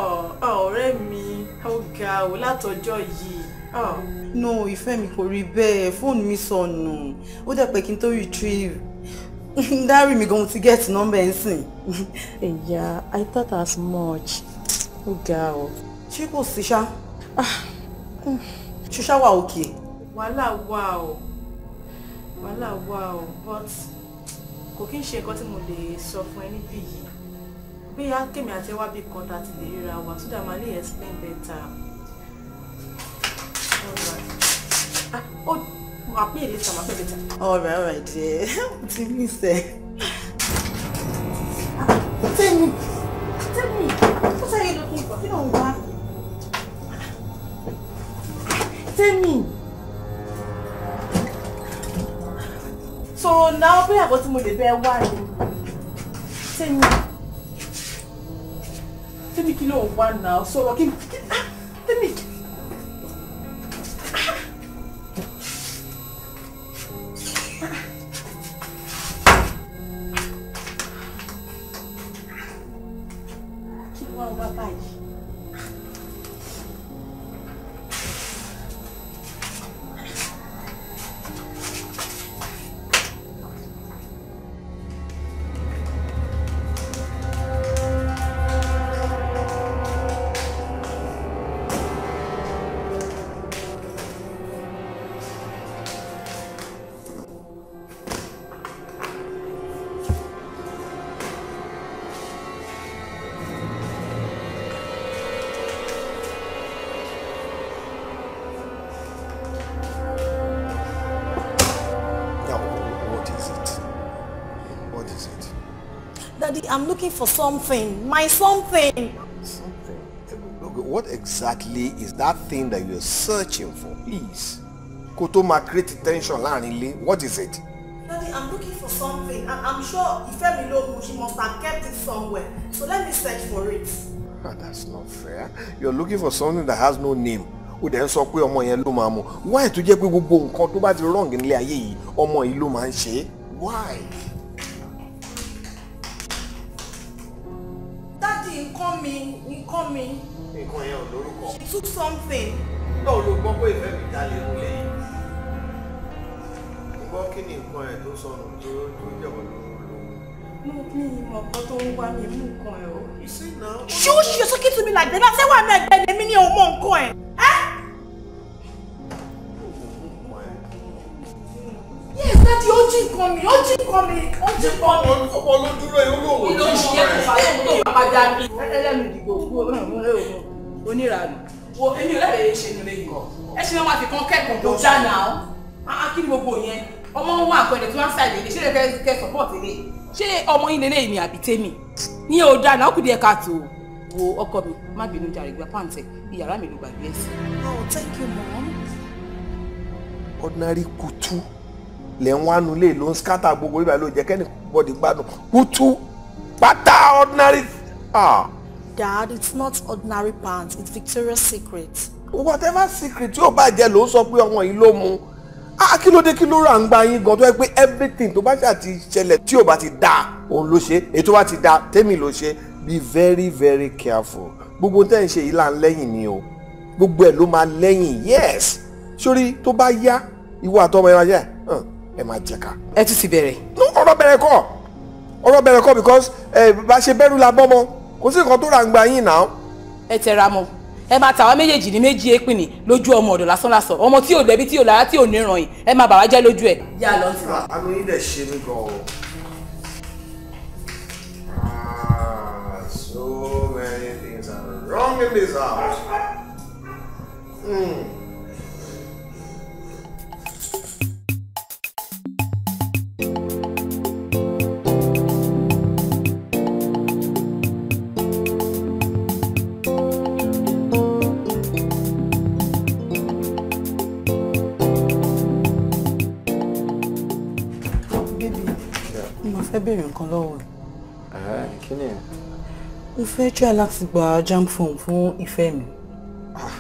ọ̀rẹ́ mi ó ga ò látọjọ́ yìí. Ah, no ìfẹ́ mi kò rí bẹ́ẹ̀ fóònù mi sọnù ó dẹ̀ pé kí n tó retrieve dárí mi gan ti get number ẹ̀ sìn. ìyá i thought as much ó ga ọ. ṣé kò sí ṣá ah. ṣíṣá wà òkè. wàhálà wà o wàhálà wà o but kò kí n ṣe nǹkan tí mo lè sọ fún ẹ níbí yìí bóyá kémi àti ẹ wá bí kan tá a ti lè ríra wa so that ma lè explain better. All right, all right, later, I'll pay you dear. What do you mean, Tell me. Tell me. What are you looking for? You don't want. Tell me. So now pé àbọ̀ tí mo lè bẹ́ẹ̀ wá ni. Tell me. Tell me kí ló ń now. So kí n. Ah, tell me. looking for something. My something. Something? what exactly is that thing that you're searching for, please? Kó ma create tension láàrin ilé. What is it? Daddy, I'm looking for something. I'm sure if Ifemi Logun, she must have kept it somewhere. So let me search for it. Ah, that's not fair. You're looking for something that has no name. ó dẹ̀ ń sọ pé ọmọ yẹn why tó jẹ́ pé gbogbo nǹkan tó bá wrong nílé ayé yìí ọmọ yìí ló máa why. nǹkan mi nǹkan mi. nǹkan yẹn ò lórúkọ. she took something. nígbà wo ló gbọ́ pé ìfẹ́ mi dá lé wọlé yìí. ìgbọ́ kí ni nǹkan ẹ̀ tó sọnù tó tó jẹ̀wọ́ lóru lóru. mo ní ìmọ̀ kan tó ń wá mi mú nǹkan ẹ̀ o. ṣé you're talking to me like that? ṣé wàá mẹ́gbẹ́ ni èmi ni òun mọ nǹkan ẹ̀. ti kọ́ mi ó ti kọ́ mi. ọmọ ló dúró yìí ó lóun ò tí ì sọ rẹ. ìlú ìṣẹ́ kò bá mi. ẹlẹ́nu ìdìbò onírànú. wo èmi ò lẹ́rẹ̀ẹ́ ṣe nílé yìí. ẹ ṣe máa fi kan kẹ́kọ̀ọ́ tó já náà. kí ni gbogbo yẹn ọmọ ń wá àpẹẹrẹ tí wọ́n ń ṣàlẹ̀ ilé ṣé lè kẹ́ support ilé. ṣé ọmọ yín lélẹ́yìn ni àbí tèmi? ní o dáa náà kùdìẹ̀ káàtó wo ọkọ mi má bínú jàre gba pàǹtẹ ìyàrá mi ló gbàgbé ẹ̀ sí. oh thank you mom. ordinary kutu lẹ̀ ń wánu lé ló ń skátà gbogbo ibà ló jẹ́ kẹ́ni bọ́dì gbádùn kútú pátá ordinary. Ah. Dad, it's not ordinary pants it's Victoria's Secret. whatever secret tí o bá jẹ ló ń sọ pé ọmọ yìí ló mu ah kí ló rà ń gba yín gan tó yẹ pé everything tó bá ṣáà ti ṣẹlẹ̀ tí o bá ti da òun ló ṣe èyí tó bá ti da tèmi ló ṣe be very very careful gbogbo tẹ́ ń ṣe yìí là ń lẹ́yìn ni o gbogbo ẹ̀ ló máa lẹ́yìn yes sórí tó bá yá ìwọ àtọmọ ẹ máa yẹ ẹ máa jẹ ká. ẹ tún ti bẹ̀rẹ̀. no ọ̀rọ̀ bẹ̀rẹ̀ kọ́ ọ̀rọ̀ bẹ̀rẹ̀ kọ́ because ẹ bá ṣe bẹ́rù la bọ́mọ kò sí nǹkan tó ra ń gba yín náà. ẹ tẹra mọ́ ẹ máa tàwa méjèèjì ní méjì èpè ní lójú ọmọ ọ̀dọ̀ lásán lásán ọmọ tí ò lẹ́bi tí ò lára tí ò ní ràn ẹ máa bà wá jẹ́ lójú ẹ̀. yà lọ sí ah, àmì ilẹ̀ ṣe mí gan o. Ah, so many things are wrong in this house. Mm. fẹ́ béèrè nǹkan lọ́wọ́ ẹ̀. kí ni ẹ. mo fẹ́ try láti gba jam form fún ìfẹ́ mi. Ah,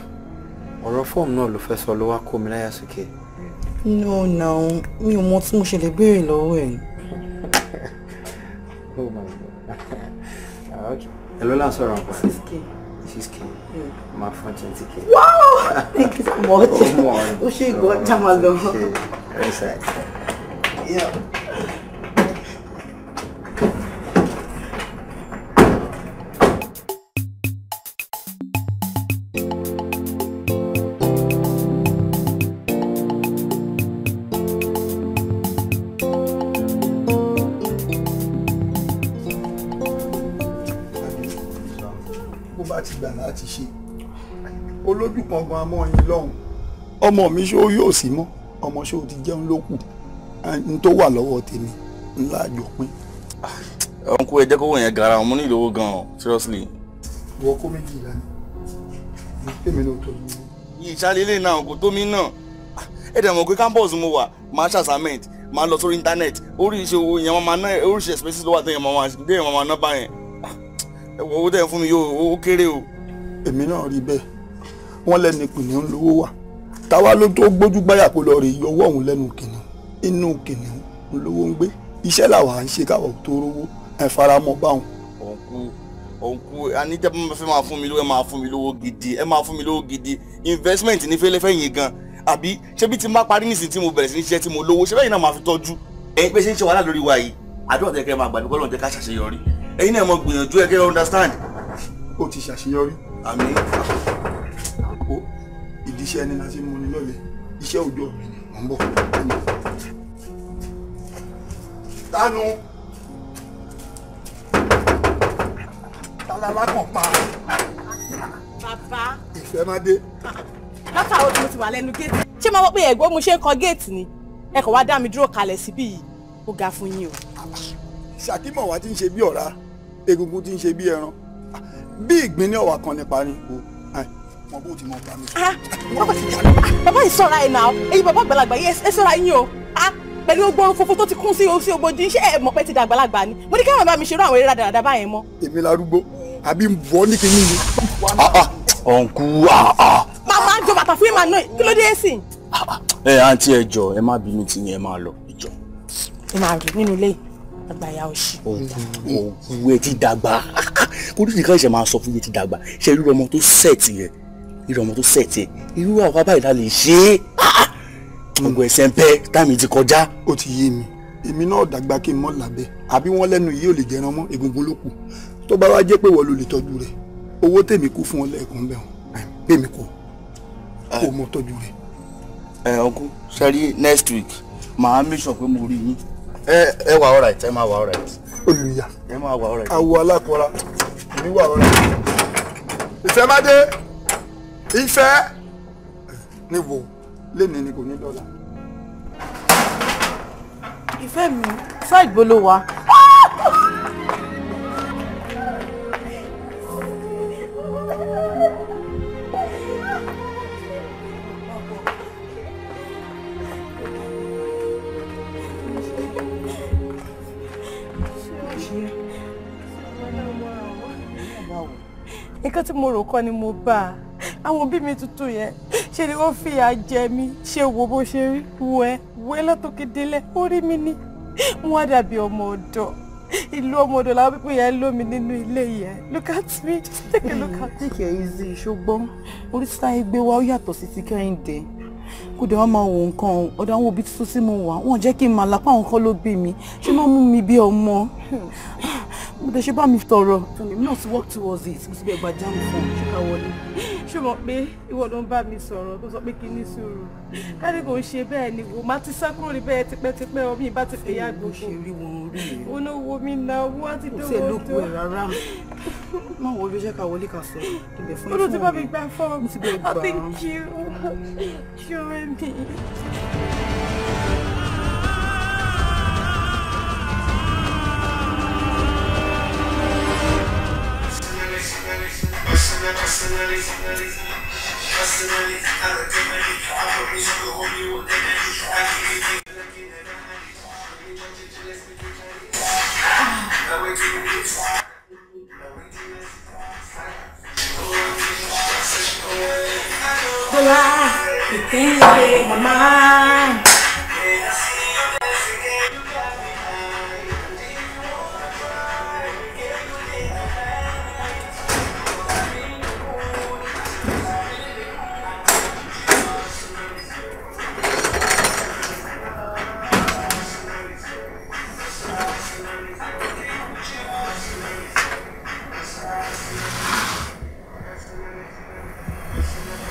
ọ̀rọ̀ fọ́ọ̀mù náà ló fẹ́ sọ ló wá kó mi láyà sókè. no na mi ò mọ tí mo ṣe lè béèrè lọ́wọ́ ẹ̀. ẹ ló láǹ sọ̀rọ̀ nǹkan. máa fún twenty k. wow thank you so much. o oh ṣe ìgbọ́ jàmá lọ. ṣe ẹ ṣe. bá ti gbà láti ṣe olójú kan gan amọ́ yín lọ́hùn ọmọ mi ṣó yóò sí mọ́ ọmọ ṣó ti jẹun ló kù n tó wà lọ́wọ́ tèmi ńlá àjọpín. ọ̀nkú ẹ jẹ́ kó wọ̀nyẹn gara ọmọ nílò owó gan-an seriously. ìwọ kó méjìlá ni tèmi ló tó. yìí ṣàlélẹ̀ náà kò tó mi náà ẹ dẹ̀ mọ̀ pé campus mo wà máa ṣàṣàmẹ̀t máa lọ sórí íńtánẹ̀t oríṣi owó yẹn máa ná oríṣi expenses ló wà téèyàn máa ná báyẹn ẹ̀wọ̀ owó tẹ̀ fún mi yóò owó kéré o. èmi náà rí bẹ́ẹ̀ wọ́n lẹ́nu ìpìlẹ̀ ń lówó wà táwa ló tó gbójú gbáyà kó lọ rí ọwọ́ òun lẹ́nu kìnìún inú kìnìún lówó ń gbé iṣẹ́ làwa ń ṣe káwọ̀ tó rówó ẹ faramọ́ báwọn. òǹkú òǹkú anijẹ́ bá fẹ́ máa fún mi lówó ẹ máa fún mi lówó gidi ẹ máa fún mi lówó gidi investment ní fẹ́lẹ́fẹ́ yìí gan àbí ṣebí tí n bá parí nísìnyí tí mo bẹ̀rẹ̀ sí ní ṣiṣẹ́ tí mo lówó ṣé bẹ́ẹ̀ náà máa fi tọ́jú. ẹ̀yin pé ṣe ń ṣe wàhálà lórí wa yìí àdúrà tẹ́kẹ́ máa gbàdúgbò lọ́nà jẹ́ ká ṣàṣeyọrí ẹ̀yin náà mo gbìyànjú ẹ kẹ́ understand. o ti ṣàṣeyọrí. àmín. o ìdí iṣẹ́ ẹni láti mú ni lọ́lẹ̀ iṣẹ́ òjò mi ni mò ń bọ̀. tanu tálálá kan pa. bàbá. ìfẹ́ má dé. látàwọn tí mo ti wà lẹ́nu géètì ṣé máa wọ́n pé ẹ̀gbọ́n mo ṣe ń kọ géètì ni ẹ kò wá dá mi dúró kalẹ̀ síbí yìí ó ga fún yín o. ṣàkímọ̀ wá ti ń ṣe bí ọ̀rá egungun ti ń ṣe bí ẹran ah, bí ìgbín ní ọ̀wà kan nípa ni o wọn bó ti mọ bá ah, mi. bàbá yìí sọ̀ra ẹ̀ náà ẹ̀yin bàbá àgbàlagbà yìí ẹ sọ̀ra yín o ah, pẹ̀lú ogbó funfun tó ti kún sí oṣù ògbódì iṣẹ́ ẹ̀ mọ̀ pé ti dàgbàlagbà ni mo ní káwọn bá mi ṣerú àwọn eré dáadáa báyẹn mọ́. èmi larúgbó àbí bọ́ ní kinní ni. ọ̀nkú màmá jọ bàtà fún ìmọ̀ náà kí ló dé sí. ẹ àǹtí ẹ jọ ẹ má bínú tí ni ẹ máa lọ ìjọ. ẹ máa rí nínú ilé àgbàyà òṣì. ògùn ẹ ti dàgbà kó tó ti ká ìṣẹ̀ máa sọ fún yẹ ti dàgbà ṣe irú ọmọ tó sẹ̀tì yẹ irú ọmọ tó sẹ̀tì yẹ irú àwa báyìí la lè ṣe é gbogbo ẹsẹ̀ ń pẹ́ táìmì ti kọjá. ó ti yé mi èmi náà dàgbà kí n mọ́ làbẹ́ àbí wọ́n lẹ́nu yìí ò lè jẹran mọ́ egungun ló kù tó bá wá jẹ́ pé wọ́n ló lè tọ́jú rẹ̀ owó tèmi kú fún ọ lẹ́ẹ̀kan bẹ́ẹ̀ hàn bẹ́ẹ̀mi kú kó o mọ tọ́jú rẹ̀. ẹ ọkú sẹ́rí next week màá make sure pé mo rí yín ẹ ẹ wà ọ̀rẹ́ ẹ máa wà ọ̀rẹ́. olùyà ẹ máa wà ọ̀rẹ́. àwọ̀ alákọ̀ọ́ra èmi wà ọ̀rẹ́. ìfẹ́ má dé ìfẹ́ ni wò lénìí ni kò ní dọ́là. ìfẹ́ mi fẹ́ ìgbóló wa. nǹkan tí mo rò kọ́ ni mo bá a àwọn òbí mi tuntun yẹn ṣe ni wọ́n fìyà jẹ mí ṣe wo bó ṣe rí wo ẹ wo ẹ látòkè délẹ̀ ó rí mi ní mo wá dàbí ọmọ ọ̀dọ̀ ìlú ọmọ ọ̀dọ̀ làwọn pípọ̀ yẹn lómi nínú ilé yẹn look at me take a look at me. take your easy ṣùgbọ́n orí sísá ẹgbẹ́ wa ó yàtọ̀ sí ti kẹ́hìndé kò dé wọn máa wò nǹkan ọ̀dọ̀ àwọn òbí tuntun tí mo wà wọn jẹ́ kí n máa lápá àwọn kan ló bí mi ṣé máa mú mi bí ọmọ mo dẹ̀ ṣe bá mi tọrọ. tẹ̀mí náà ti work towards it mo be a bad jam for. un ṣùgbọ́n wọlé. ṣùgbọ́n pé ìwọ ló ń bá mi sọ̀rọ̀ tó sọ pé kí ní sùúrù káde kò ń ṣe bẹ́ẹ̀ ni wò má ti sá kúrò ní bẹ́ẹ̀ tip me, ìbá me, fẹ́ yá gbogbo. ṣe rí go. rí rẹ. òun náà wo mi náà wọ́n á ti dé wọn tó. kò sí èlò kú ẹ̀ rárá máa wọ ibi iṣẹ́ ká wọlé ká sọ ibẹ̀ fún ìfún mi. olùdíbọ̀ mi gbà personally, personally, personally, I recommend it. I promise hold you with I things be my mind.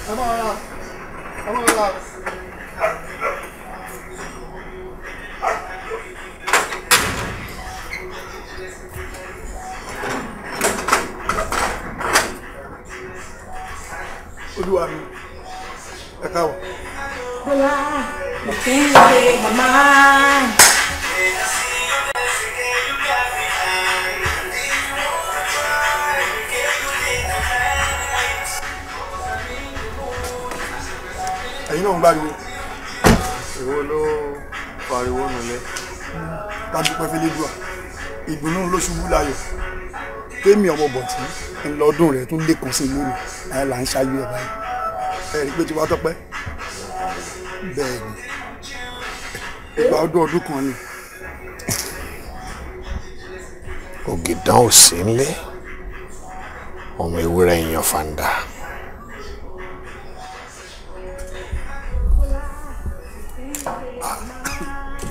Come on, ra ẹ máa ra. olúwa mi ẹ káwọ. bọ́lá náà ń gbàgbé. èwo ló pariwo nulẹ̀. dájú pé fẹlẹ́dùà ìdùnnú ló ṣubú láyọ̀ kémi ọmọ bọ̀tí ńlọdún rẹ̀ tún lẹ́kọ̀ọ́ sí lónìí ẹ̀ là ń ṣáájú ẹ̀ báyìí ẹ̀ rí pé tí wàá tọ́pẹ́ bẹ́ẹ̀ ni ìgbà ọdún ọdún kan ni. ògìdán ò sí ńlẹ̀ ọmọ ewúrẹ́ èèyàn fanda.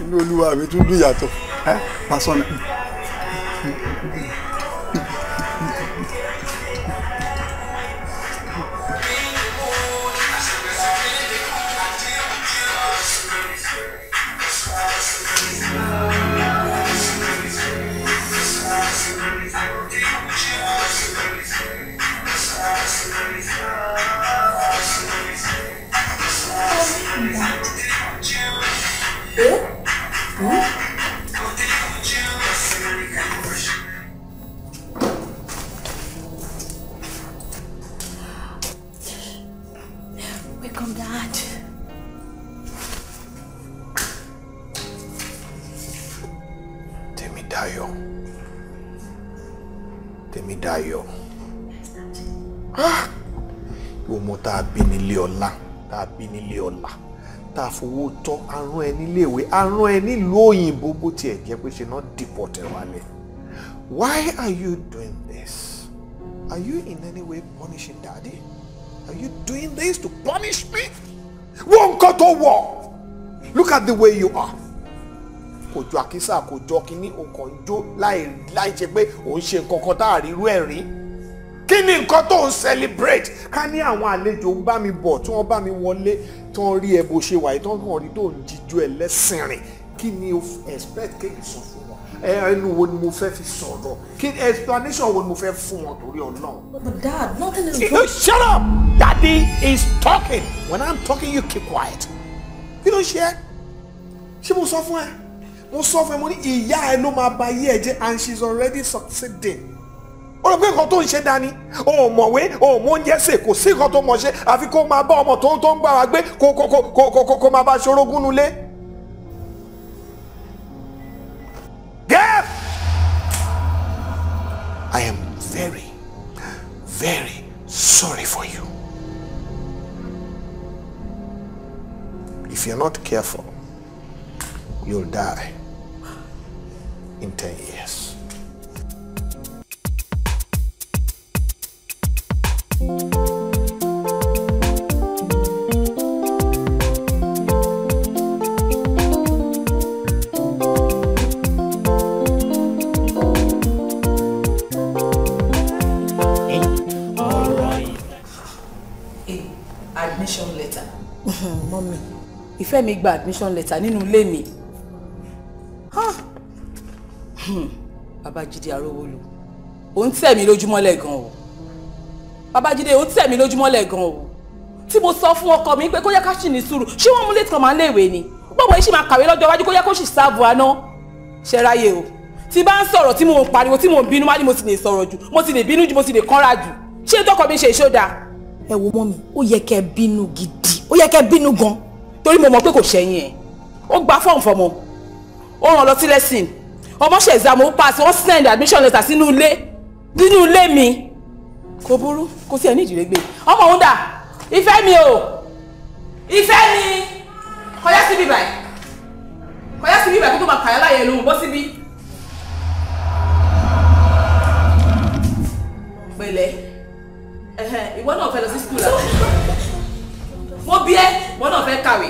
inú olúwa mi tún dùn yàtọ̀ pásọ̀nà. rán ẹ níléèwé a rán ẹ nílùú òyìnbó bó tiẹ̀ jẹ́ pé ṣe náà dìpọ̀ wálẹ̀ why are you doing this are you in any way punishing daddy are you doing this to punish me wọ́n nǹkan tó wọ̀ look at the way you are kò jọ àkísà kò jọ kínní òǹkàn jó láì ṣe pé òun ṣe nǹkan kan tá rí irú ẹ̀ rí kí ni nǹkan tó ń celebrate ká ní àwọn àlejò ń bá mi bọ̀ tí wọ́n bá mi wọlé tí wọ́n rí ẹ bó ṣe wà yìí tí wọ́n rí tó ń jíjó ẹ rìn kí ni o expect kéèkì sọ fún wọn ẹnu wo ni mo fẹ́ fi sọ̀rọ̀ kí explanation wo ni mo fẹ́ fún wọn torí ọlọ́run. but dad nothing is shut up daddy is talking when i'm talking you keep quiet you don't share ṣé mo sọ fún ẹ mo sọ fún ẹ mo ní ìyá ẹ ló máa bà ayé ẹ jẹ́ and she's already succeeding. pe nnkan to mọ̀wé o ò mọ oúnjẹ sí nǹkan tó mọ̀ kó máa bá ọmọ tó ń tó ń wa gbé kó kó kó kó kó kó máa bá I am very very sorry for you. If you're not careful, you'll die in 10 years. ìfẹ́ mi gba admission letter nínú ilé mi hmm. Babájídé Arówólú òun tẹ̀ mí lójúmọ́lẹ̀ gan o babájídé ó tẹ̀ mí lójúmọ́lẹ̀ gan o tí mo sọ fún ọkọ mi pé kó yẹ ká ṣì ní sùúrù ṣé wọ́n mú late kan máa ń léèwé ni báwo ẹ ṣì máa kàwé lọ́jọ́ iwájú kó yẹ kó ṣì ṣáàbù àná ṣe ráyè o tí bá ń sọ̀rọ̀ tí mo ń pariwo tí mo ń bínú wálé mo sì lè sọ̀rọ̀ jù mo sì lè bínú jù mo sì lè kọ́ra jù ṣé tọkọ mi ṣe ìṣódà. ẹ wo mọ mi ó yẹ kẹ́ bínú gidi ó yẹ kẹ́ bínú gan torí mo mọ pé kò ṣẹyìn ẹ ó gba fọ́ọ̀mù fọmọ ó ràn lọ sí lẹ́sìn ọmọ ṣe exam pass wọ́n send admission letter sínú ilé nínú ilé mi kò burú kò sí ẹ nídìí rẹgbẹ ọmọ òun dà ìfẹ́ mi o ìfẹ́ mi kọjá síbí báyìí kọjá síbí báyìí kó tó máa pààyàn láàyè lóhùn bó síbí. pẹ̀lẹ́ ìwọ náà fẹ́ lọ sí skul àbí mo bí ẹ ìwọ náà fẹ́ kàwé.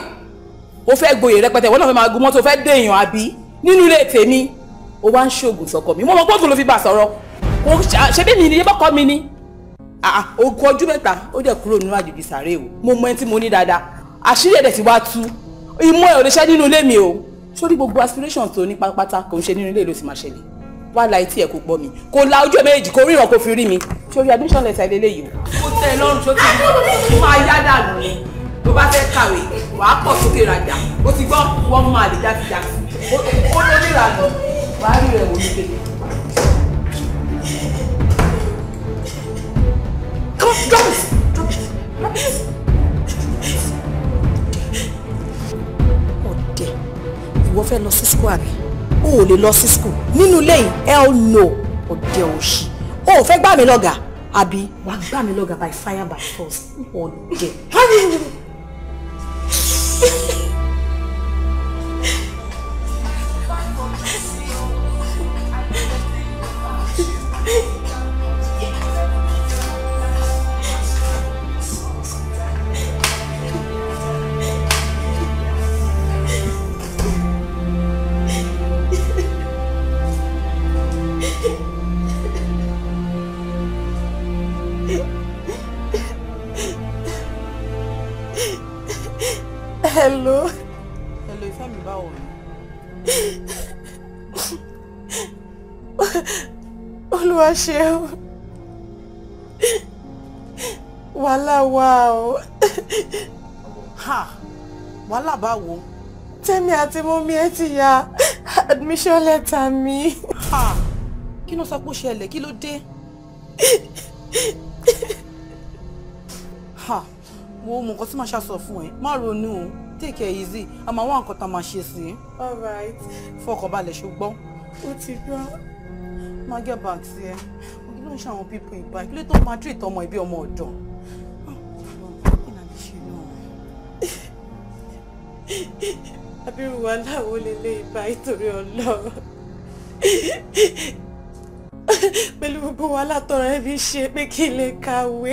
o fẹ́ gboyè rẹpẹtẹ ìwọ náà fẹ́ máa gun mọ́tò o fẹ́ dé èèyàn àbí nínú ilé tèmi o wá ń ṣoògùn sọkọ mi mo mọ gbọ́dọ̀ ló fi bà sọ̀rọ̀ ṣebí mi ni yébọ̀kọ mi ni o ah, ah, kọ ojú mẹ́ta ó dẹ̀ kúrò nínú àjèjì sàárè o mo mọ ẹni tí mo ní dáadáa àṣírí ẹ̀dẹ̀ ti wá tú ìmọ̀ ẹ̀ ò lè ṣẹ́ nínú mi o sórí gbogbo aspirations tó ní pátápátá kò ń ṣe nínú ilé ló ti máa ṣẹlẹ̀ la etí ẹ̀ kò gbọ́ mi kò la ojú ẹ̀ méjèèjì kò ríran fi rí mi sórí admission letter ilé yìí o. ó tẹ ẹ lọ́rùn tó ti mú máa yá dànù ni tó bá fẹ́ kàwé wàá pọ̀ sókè rajà ó ti gbọ́ wọ́n máa lè jákèjá ó lórí ìlànà wàá rí rẹ̀ wò ní kéde. Drop, drop it! Drop it! Drop it! Ọ̀dẹ̀, fẹ́ lọ sí school àbí? O ò lè lọ sí school. Nínú ilé yìí, hell no, ọ̀dẹ̀ òṣì. O ò fẹ́ gbà mí lọ́gà àbí? Wà á gbà mí lọ́gà by fire by force. Ọ̀dẹ̀. hello. hello ìfẹ́ mi báwo ni. olúwa ṣeun wàhálà wà o. wàhálà báwo. tẹ́mi àti mọ́mí ẹ ti ya admission letter mi. kí ló sọ pé ó ṣẹlẹ̀ kí ló dé. wo mọ̀ nǹkan tí màá ṣàṣọ fún ẹ má ronú o take it easy a máa wá nǹkan tá a máa ṣe sí i. all right. fọkànbalẹ̀ ṣùgbọ́n. ó ti gbọ́. má get back sí ẹ kí ló ń ṣe àwọn pípọ̀ ìgbà kí ló tó máa treat ọmọ ìbí ọmọ ọ̀dọ́. abiru wa láwo lélẹ̀ ìbá ìtòrí ọlọ́run pẹ̀lú gbogbo wa látọ̀rọ̀ ẹbí ṣe pé kí n lè kàwé.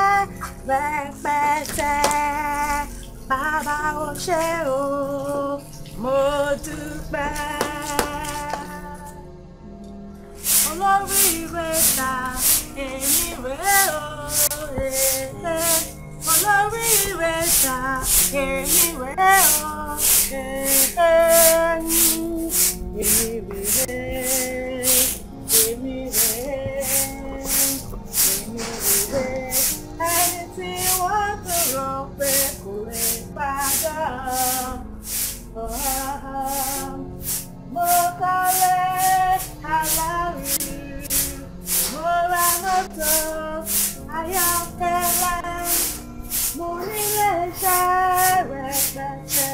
pẹ́pẹ́sẹ́ bàbá o ṣé o mo dúpẹ́. olóríire ta èmi rèé o olóríire ta èmi rèé o èmi rèé. mo kọ́lé aláwìrì mo ra mọ́tò ayọ́kẹ́lẹ́ mo nílé iṣẹ́ rẹpẹtẹ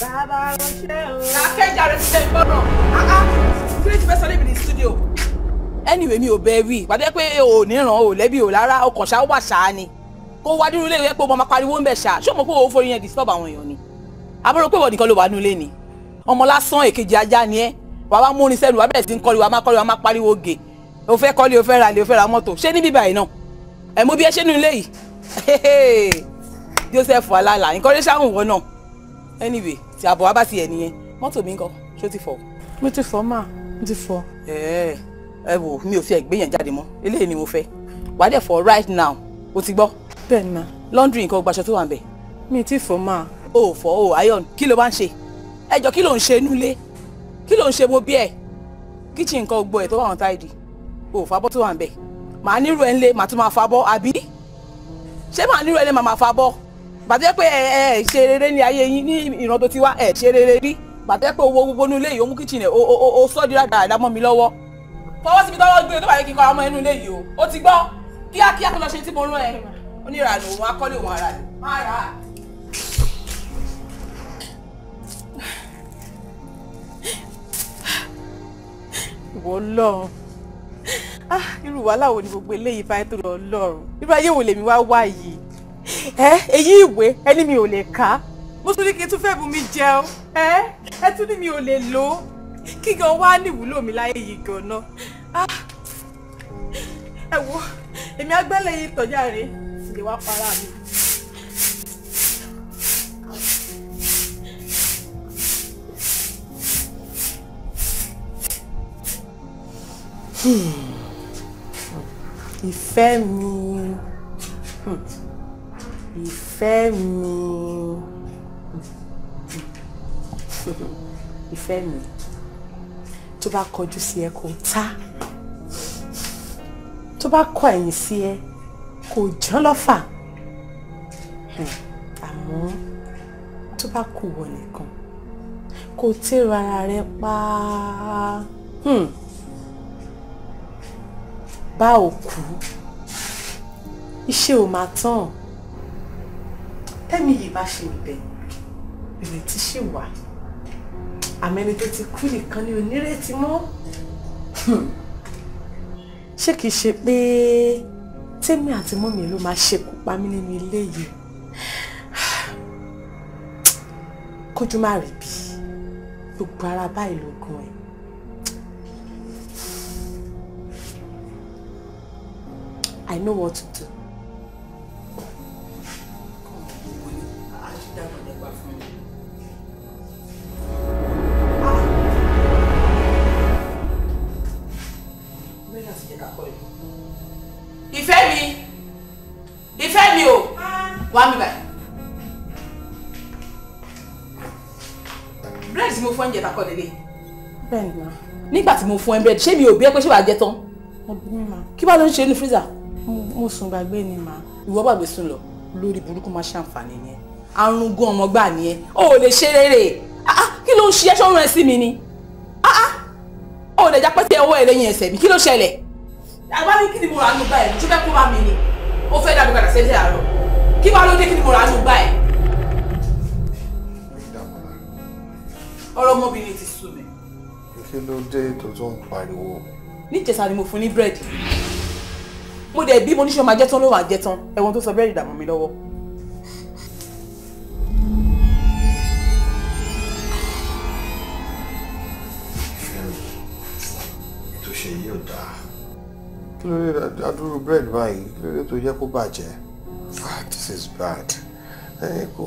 bàbá o studio. anyway mi ò bẹ rí i pàdé pé o ò níran o lẹ́bi o rárá o kàn ṣá wà ṣáá ni kó wá dúró lè rẹ pé o máa pariwo ń bẹ̀ ṣá ṣé o mọ̀ pé o ò forí yẹn disturb àwọn èèyàn ni àbúrò pé ìwọ nìkan ló wà nulẹ̀ ni ọmọ lásán èkejì ajá ni ẹ wàá wá múrin sẹ́nu wàá bẹ̀rẹ̀ sí ń kọ́lé wàá má kọ́lé wàá má pariwo gè o fẹ́ kọ́lé o fẹ́ ra lè o fẹ́ ra mọ́tò ṣé níbí báyìí náà ẹ̀ mú bí ẹ ṣe nu ilé yìí Joseph alala nǹkan lè ṣàwọn wọn náà anyway tí àbọ̀ wá bá ti ẹ̀ nìyẹn mọ́tò mi ńkọ́ ṣó ti fọ́. mo ti fọ́ máa mo ti fọ́. ẹ ẹ wò mi ò fi ẹgbẹ́yàn jáde mọ́ eléyìí ni mo fẹ́ wàá dẹ̀ fọ́ right now o ti gbọ́. bẹ́ẹ̀ ni ma. laundry nǹkan gbaṣọ tó wà ń bẹ̀. mi ti fọ́ máa o fọ o ayon, kí ló bá ń ṣe ẹ jọ kí ló ń ṣe inú kí ló ń ṣe mo bí ẹ kíchìn nǹkan gbogbo ẹ tó wà wọn táìdì o fàbọ tó wà ń bẹ màá nírú ẹ ńlé màá tún máa fàbọ àbí ṣé màá nírú ẹ ńlé màá máa fàbọ bàtẹ́ pé ẹ ẹ ṣe rere ní ayé yín ní ìran tó ti wá ẹ ṣe rere rí bàtẹ́ pé owó gbogbo inú ilé yìí ó mú kíchìn ẹ o sọ́ọ́dì rádà àdámọ́ mi lọ́wọ́ fọwọ́ síbi tọ́wọ́ gbé tó bá yẹ kí n kọ́ ọmọ inú ilé yìí o ó ti gbọ́ kíákíá tó lọ ṣe tí mo rán ẹ ìwọ Ọlọ́run ah irú wàhálà wo ni gbogbo eléyìí bá tó lọ Ọlọ́run irú ayé wo lèmi wá wá yìí ẹ èyí ìwé ẹni mi ò lè kà á mo tún ní kí n tún fẹ́ bu mi jẹun ẹ ẹ tún ní mi ò lè lò ó kí gan wá níwúlò mi láyé yìí gan ah ẹ wo èmi agbẹ́lẹ̀ yìí tọ́jà rè sì lè wá para mi. Hmm. ìfẹ́ mi hmm. ìfẹ́ mi hmm. ìfẹ́ mi tó bá kọjú sí ẹ kò tá tó bá kọ ẹ̀yìn sí ẹ kò ján lọ́fà àmọ́ tó bá kù wọ nìkan kò tẹ́ra ara rẹ pa. Hmm bá òkú iṣẹ́ ò máa tán tẹ́mi yìí bá ṣe ìbẹ̀ ìrètí ṣì wà àmẹ́ni tó ti kú nìkan ni onírètí mọ́ hmm. ṣé kìí ṣe pé tèmi àti mọ́mí ló máa ṣekú pa mí nínú ilé yìí kójú má rí bí gbogbo ara báyìí lógún ẹ̀. I know what to do. ìfẹ́ mi ìfẹ́ mi o wà mí báyìí. bread tí mo fún ẹ̀jẹ̀ takọ̀ lélẹ̀. bẹ́ẹ̀ ma. nígbà tí mo fún ẹ bread ṣé mi ò bí ẹ pé ṣé wàá jẹ tán. kí wàá ló ń ṣe nínú freezer mo sùn gbàgbé ni mà. ìwọ gbàgbé sùn lọ lórí burúkú máa ṣàǹfààní yẹn arúngún ọmọ gbà ni ẹ o ò lè ṣe rere ah, ah, kí ló ń ṣe ẹṣọ rẹ sí mi ni ah, o ò lè jápẹ́ sí ọwọ́ ẹ lẹ́yìn ẹsẹ̀ mi kí ló ṣẹlẹ̀. agbárí kí ni mo rà nù báyìí tó fẹ́ kó bá mi ni ó fẹ́ dàbí padà sẹ́dí àárọ̀ kí bá ló dé kí ni mo rà nù báyìí. ọ̀rọ̀ ọmọbìnrin ti sú mi. kí ló dé tó tún pariwo. níjẹ̀sà ni mo fún ní búrẹ́dì mo dẹ̀ bí mo ní ṣe máa jẹ́ tán ló wà jẹ́ tán ẹ̀wọ̀n tó sọ bẹ́ẹ̀ ìdààmú mi lọ́wọ́. kí ló dé adúrú bread báyìí kí ló dé tó jẹ́ kó bàjẹ́ ah this is bad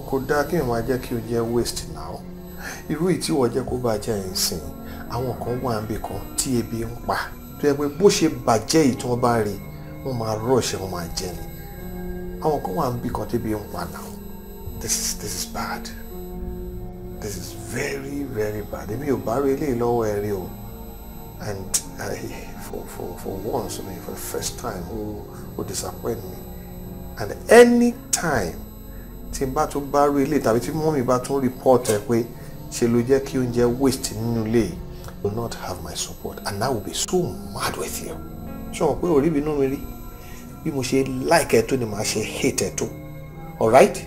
kò dáa kí èèyàn máa jẹ́ kí o jẹ́ waste now irú ìtí wọ́n jẹ́ kó bàjẹ́ yìí sìn àwọn kan wà níbi kan tí ebi ń pa tó yẹ pé bó ṣe bàjẹ́ ìtàn bá rí wọ́n máa rush wọ́n máa jẹ ni àwọn kan wà ń bí kan débi ń pa náà this is this is bad this is very very bad èmi ò bá rí eléyìí lọ́wọ́ ẹ rí o and I, for for for once I mean for the first time ó ó disappoint me and any time tí n bá tún bá rí eléyìí tàbí tí mọ́mí bá tún report ẹ pé ṣe ló jẹ́ kí oúnjẹ waste nínú ilé will not have my support and I will be so mad with you ṣọ̀n pé òrí bínú mi rí bí mo ṣe like ẹ tó ni màá ṣe hate ẹ tó alright.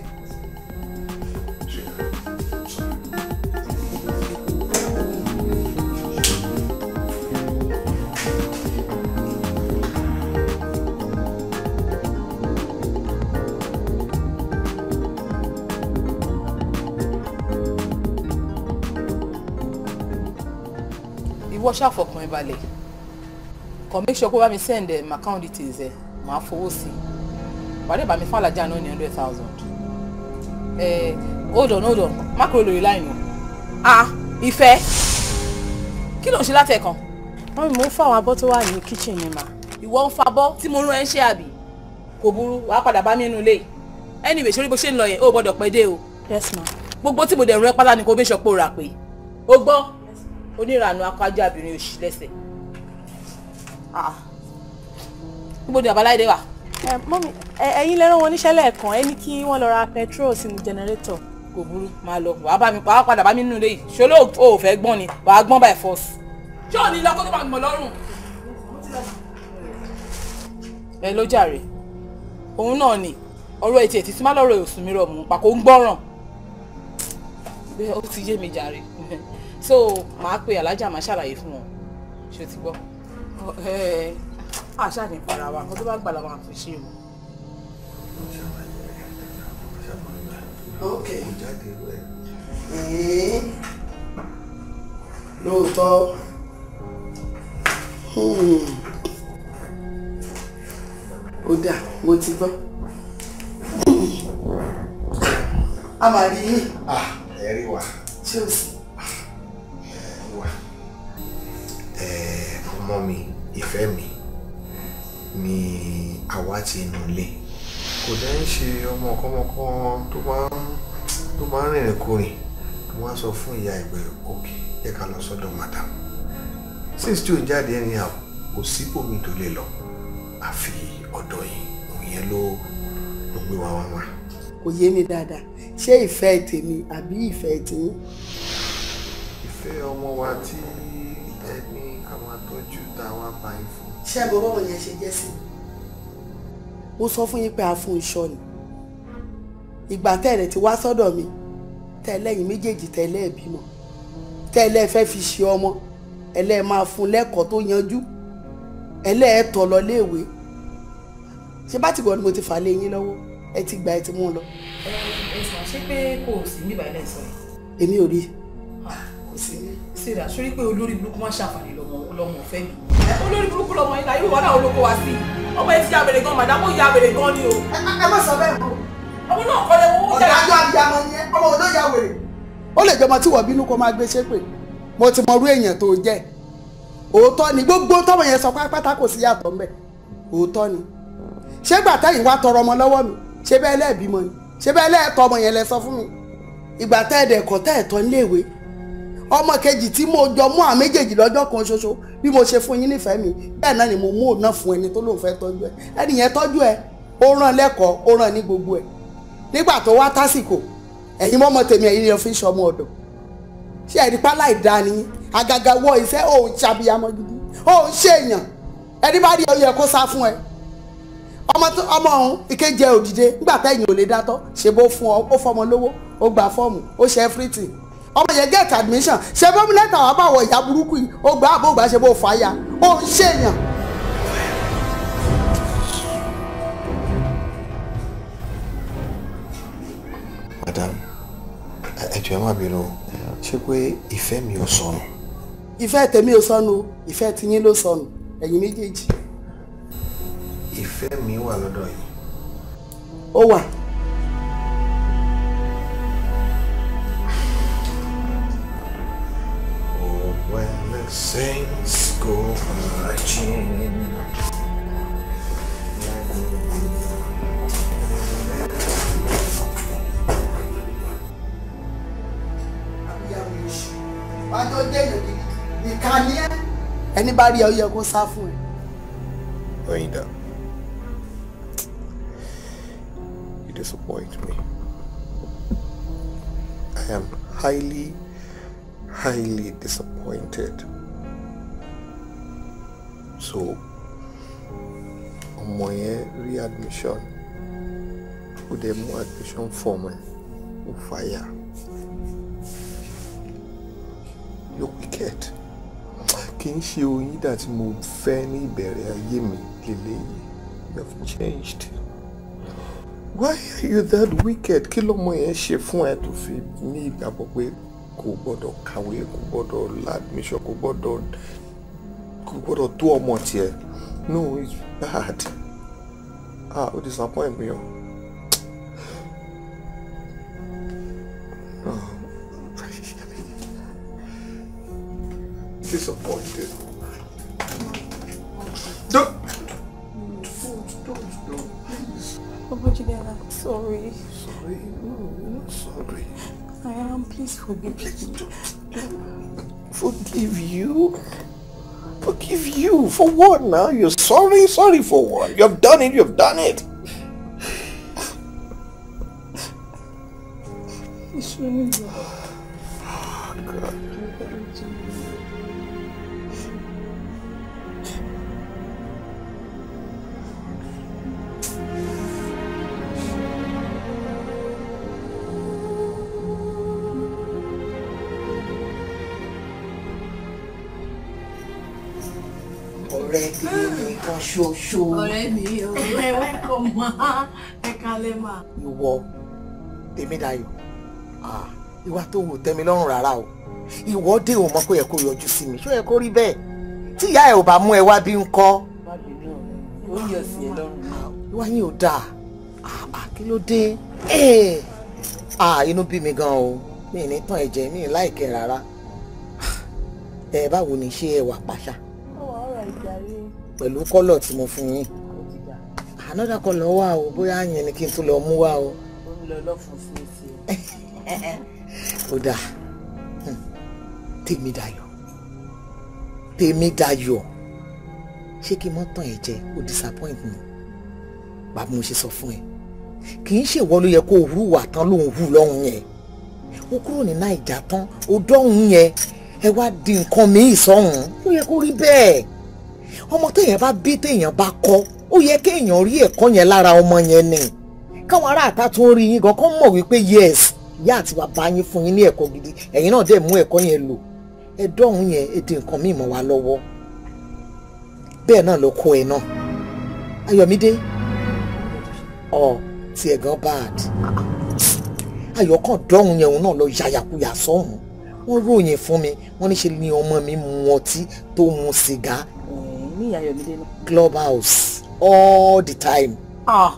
ìwọ ṣàfọkàn ẹ balẹ̀ kàn make sure kó bá mi send ẹ̀ eh, my account details ẹ̀ eh, màá fowó sí i wàá dẹ̀ bá mi fún alájà náà ní hundred thousand ẹ̀ eh, hold on hold on má kúrò lórí line ah ìfẹ́ kí ló ń ṣe látẹ̀kàn. wọ́n mi mò ń fọ abọ́ tó wà ní kitchen ni mà. ìwọ ń fa abọ́ tí mo rán ẹ ń ṣe àbí kò burú wàá padà bá mi nínú ilé anyway ṣorí bó ṣe ń lọ yẹn ó gbọ́dọ̀ pẹ́ dé o. yes ma. gbogbo tí mo dẹ̀ rún ẹ pátá ni kò bí ṣọpọ̀ rà pé o gbọ́ oníranú akọ ajá obìnrin òṣì lẹ́sẹ̀. Ah. níbo ni àbáláyé wà. mọ́mí ẹ̀yin lẹ́rán wọn níṣẹ́ lẹ́ẹ̀kan ẹni kí wọ́n lọ ra petrol sínú jẹnẹrétọ̀. kò burú máa lọ wàá bá mi wàá padà bá mi nínú ilé yìí ṣọlá ò fẹ́ gbọ́n ni wàá gbọ́n by force. ṣé ò ní lọ kó tó máa mọ̀ lọ́rùn. ẹ ló jàre òun náà ni ọ̀rọ̀ ètí ètí tí má lọ́rọ̀ èsù mi rọ̀ mù pa ń gbọ́ràn ó ti yé mi jàre so màá pe alájà màá ṣàlàyé fún wọn ṣé o ti gbọ́ àṣà ní ìpara wa kó tó bá gbàlà wọn àfi ṣe o. lóòótọ́ hmm. ó dà mo ti gbọ́ a máa rí yín. ẹ rí wa. ṣé o sì. ẹ ẹ fún mi ìfẹ́ mi ni àwa ti inú ilé kò dẹ́ ń ṣe ọmọ ọkọ́mọkọ́ tó máa ń tó máa ń rìnrìn kúrìn tó máa ń sọ fún ìyá ìgbẹ́ òkè jẹ́ ká lọ sọ́dọ̀ madam since tí ò ń jáde ẹni àwọ̀ kò síbòmí tó lè lọ àfi ọ̀dọ̀ yìí òun yẹn ló ló gbé wa wá wá. kò yé mi dáadáa ṣé ìfẹ́ tèmi àbí ìfẹ́ tèmi. ìfẹ́ ọmọ wa tí tá a wá bá yín fún. ṣé bọ́bọ́ wọn yẹn ṣe jẹ́ sí mo sọ fún yín pé a fún iṣọ́ ni ìgbà tẹ̀lẹ̀ ti wá sọ́dọ̀ mi tẹ́lẹ̀ yín méjèèjì tẹ́lẹ̀ bímọ tẹ́lẹ̀ fẹ́ fi ṣe ọmọ ẹlẹ́ máa fún lẹ́kọ̀ọ́ tó yanjú ẹlẹ́ ẹ tọ̀ lọ léèwé ṣé bá ti gbọ́ ni mo ti fà lé yín lọ́wọ́ ẹ ti gba ẹ ti mú un lọ. ẹ ẹ sọ ṣé pé kò sí níbàá ilé ìsọ yìí. èmi ò rí i. Ah, kò sí ní. síra sórí pé olórí burúkú wọn ṣàǹfààní lọmọ ọfẹ mi olórí burúkú lọmọ yìí láyé wọn náà olóko wá sí ọmọ yìí ti abèrè gan madam ó ya abèrè gan ni o. ẹ má sọ bẹ́ẹ̀ o ọmọ náà kọ́ lẹ́wọ́ ó jẹ́ ọ̀dájọ́ abiyamọ ni ẹ ọmọ olóyè àwèrè. ó lè jọmọ tí wọ́n bínú kó máa gbé ṣépè mo ti mọ irú èèyàn tó jẹ́ òótọ́ ni gbogbo tọ́mọ yẹn sọ pátá kò sí yàtọ̀ ńbẹ̀ òótọ́ ni ṣé gbàtà yìí wá tọrọ ọmọ lọ́wọ́ mi ṣé bẹ́ẹ̀ lẹ́ẹ̀bímọ ni ṣé bẹ́ẹ̀ lẹ́ẹ̀tọ́ ọmọ yẹn lẹ sọ fún mi ìgbà tẹ́ ẹ̀dẹ̀kọ̀ tẹ́ ẹ̀tọ́ níléèwé ọmọ kejì tí mo jọ mú àwọn méjèèjì lọ́jọ́ kan ṣoṣo bí mo ṣe fún yín nífẹ̀ẹ́ mi bẹ́ẹ̀ náà ni mo mú òun náà fún ẹni tó lóun fẹ́ tọ́jú ẹ ẹni yẹn tọ́jú ẹ ó ràn lẹ́kọ̀ọ́ ó ràn ní gbogbo ẹ nígbà tó wá tásìkò ẹ̀yin mọ́mọ tèmi ẹ̀yin lè fi ń ṣọmọ ọ̀dọ̀ ṣé ẹ̀rí pálá ìdáni àgàgà wọ ìfẹ́ ò ṣàbíyamọ gidi ò ń ṣèèyàn ẹni bá rí ọyẹ kó sá fún ẹ ọmọ ọmọ ọhún ìkejì ẹ òdìdé nígbà tẹ́yìn ò lè dátọ́ ṣe bó fún ọ ó fọmọ lówó ó gba fọ́ọ̀mù ó ṣe everything ọmọ yẹn get admission ṣe fẹ́mi lẹ́tà wà bá wọ ìyá burúkú yìí ó gbà àbó gbà ṣe bó fà á ó ń ṣèyàn. madam ẹjọ ẹ má bínú ṣé pé ìfẹ́ mi ò sọnù. ìfẹ́ tèmi ò sọnù ìfẹ́ tiyín ló sọnù ẹ̀yin méjèèjì. ìfẹ́ mi wà lọ́dọ̀ yìí. ó wà. when the saints go marching. ẹni bá rí ẹ ó yẹ kó sá fún ẹ. Oyinda, you disappoint me. I am highly highly disappointed. So, ọmọ readmission rí the ó admission form ẹ̀ fire. fàyà wicked Can í ṣe that move mo fẹ́ ní ìbẹ̀rẹ̀ ayé mi you have changed why are you that wicked Kill lọ́mọ yẹn ṣe fún ẹ tó fi kò gbọ́dọ̀ kàwé kò gbọ́dọ̀ admission kò gbọ́dọ̀ kò gbọ́dọ̀ tó ọmọ tiẹ̀ no it's bad ah o disappoint me o. Oh. Disappointed. Don't, don't, don't, don't, please. Oh, Jigana, sorry. Sorry? No, I'm not sorry. I am. Please forgive me. Forgive you? Forgive you? For what now? You're sorry? Sorry for what? You've done it. You've done it. It's really oh, God. ṣoṣo. ọ̀rẹ́ mi o ẹ wẹ́kọ̀ máa ẹ kalẹ̀ máa. ìwọ Tèmídayọ̀ ìwà tó wò tẹ́mi lọ́rùn rárá o ìwọ dé o mọ̀ kó yẹ kó yọjú sí mi ṣó yẹ kó rí bẹ́ẹ̀ tí ìyá ẹ ò bá mú ẹ wá bí ń kọ́. ìwà yín ò dáa kí ló dé inú bí mi gan o mi ì ní tán ẹ̀jẹ̀ mi ì láìkẹ́ rárá ẹ báwo ni ṣé ẹ wà pàṣà pẹ̀lú kọ́lọ̀ tí mo fún yín another kọ́lọ̀ wà o bóyá yẹn ni kí n tún lọ mú wá o. ó dà hmm. tèmi dayọ̀ tèmi dayọ̀ ṣé kí n mọ́ tàn ẹ̀ jẹ́ o disappoint me bàbá mo ṣe sọ fún ẹ kì í ṣèwọ ló yẹ kó o hùwà tán lòun hù lọ́hùn yẹn ó kúrò ní Naija tán ó dọ́hùn yẹn ẹ wá di nǹkan míì sọ́hùn ó yẹ kó rí bẹ́ẹ̀ ọmọ téèyàn bá bí téèyàn bá kọ́ ó yẹ kéèyàn rí ẹ̀kọ́ yẹn lára ọmọ yẹn ni káwọn aráàta tó rí yín gan kó mọ̀ wípé yes ìyá àti bàbá yín fún yín ní ẹ̀kọ́ gidi ẹ̀yin náà dẹ̀ mú ẹ̀kọ́ yẹn lò ẹ̀dọ́ ọ̀hún yẹn èdè nǹkan míì mọ́ wa lọ́wọ́ bẹ́ẹ̀ náà ló kó ẹ náà Ayọ̀mídé ọ̀ tiẹ̀ gan bad Ayọ̀ dọ́hún yẹn òun náà lọ yàyàkuyà sọ́hún wọ́n ròyìn fún mi wọ́n ní ni ọmọ mi mu ọtí tó mu sìgá ní ìyá Yọ̀mídé náà. clubhouse all the time. ah.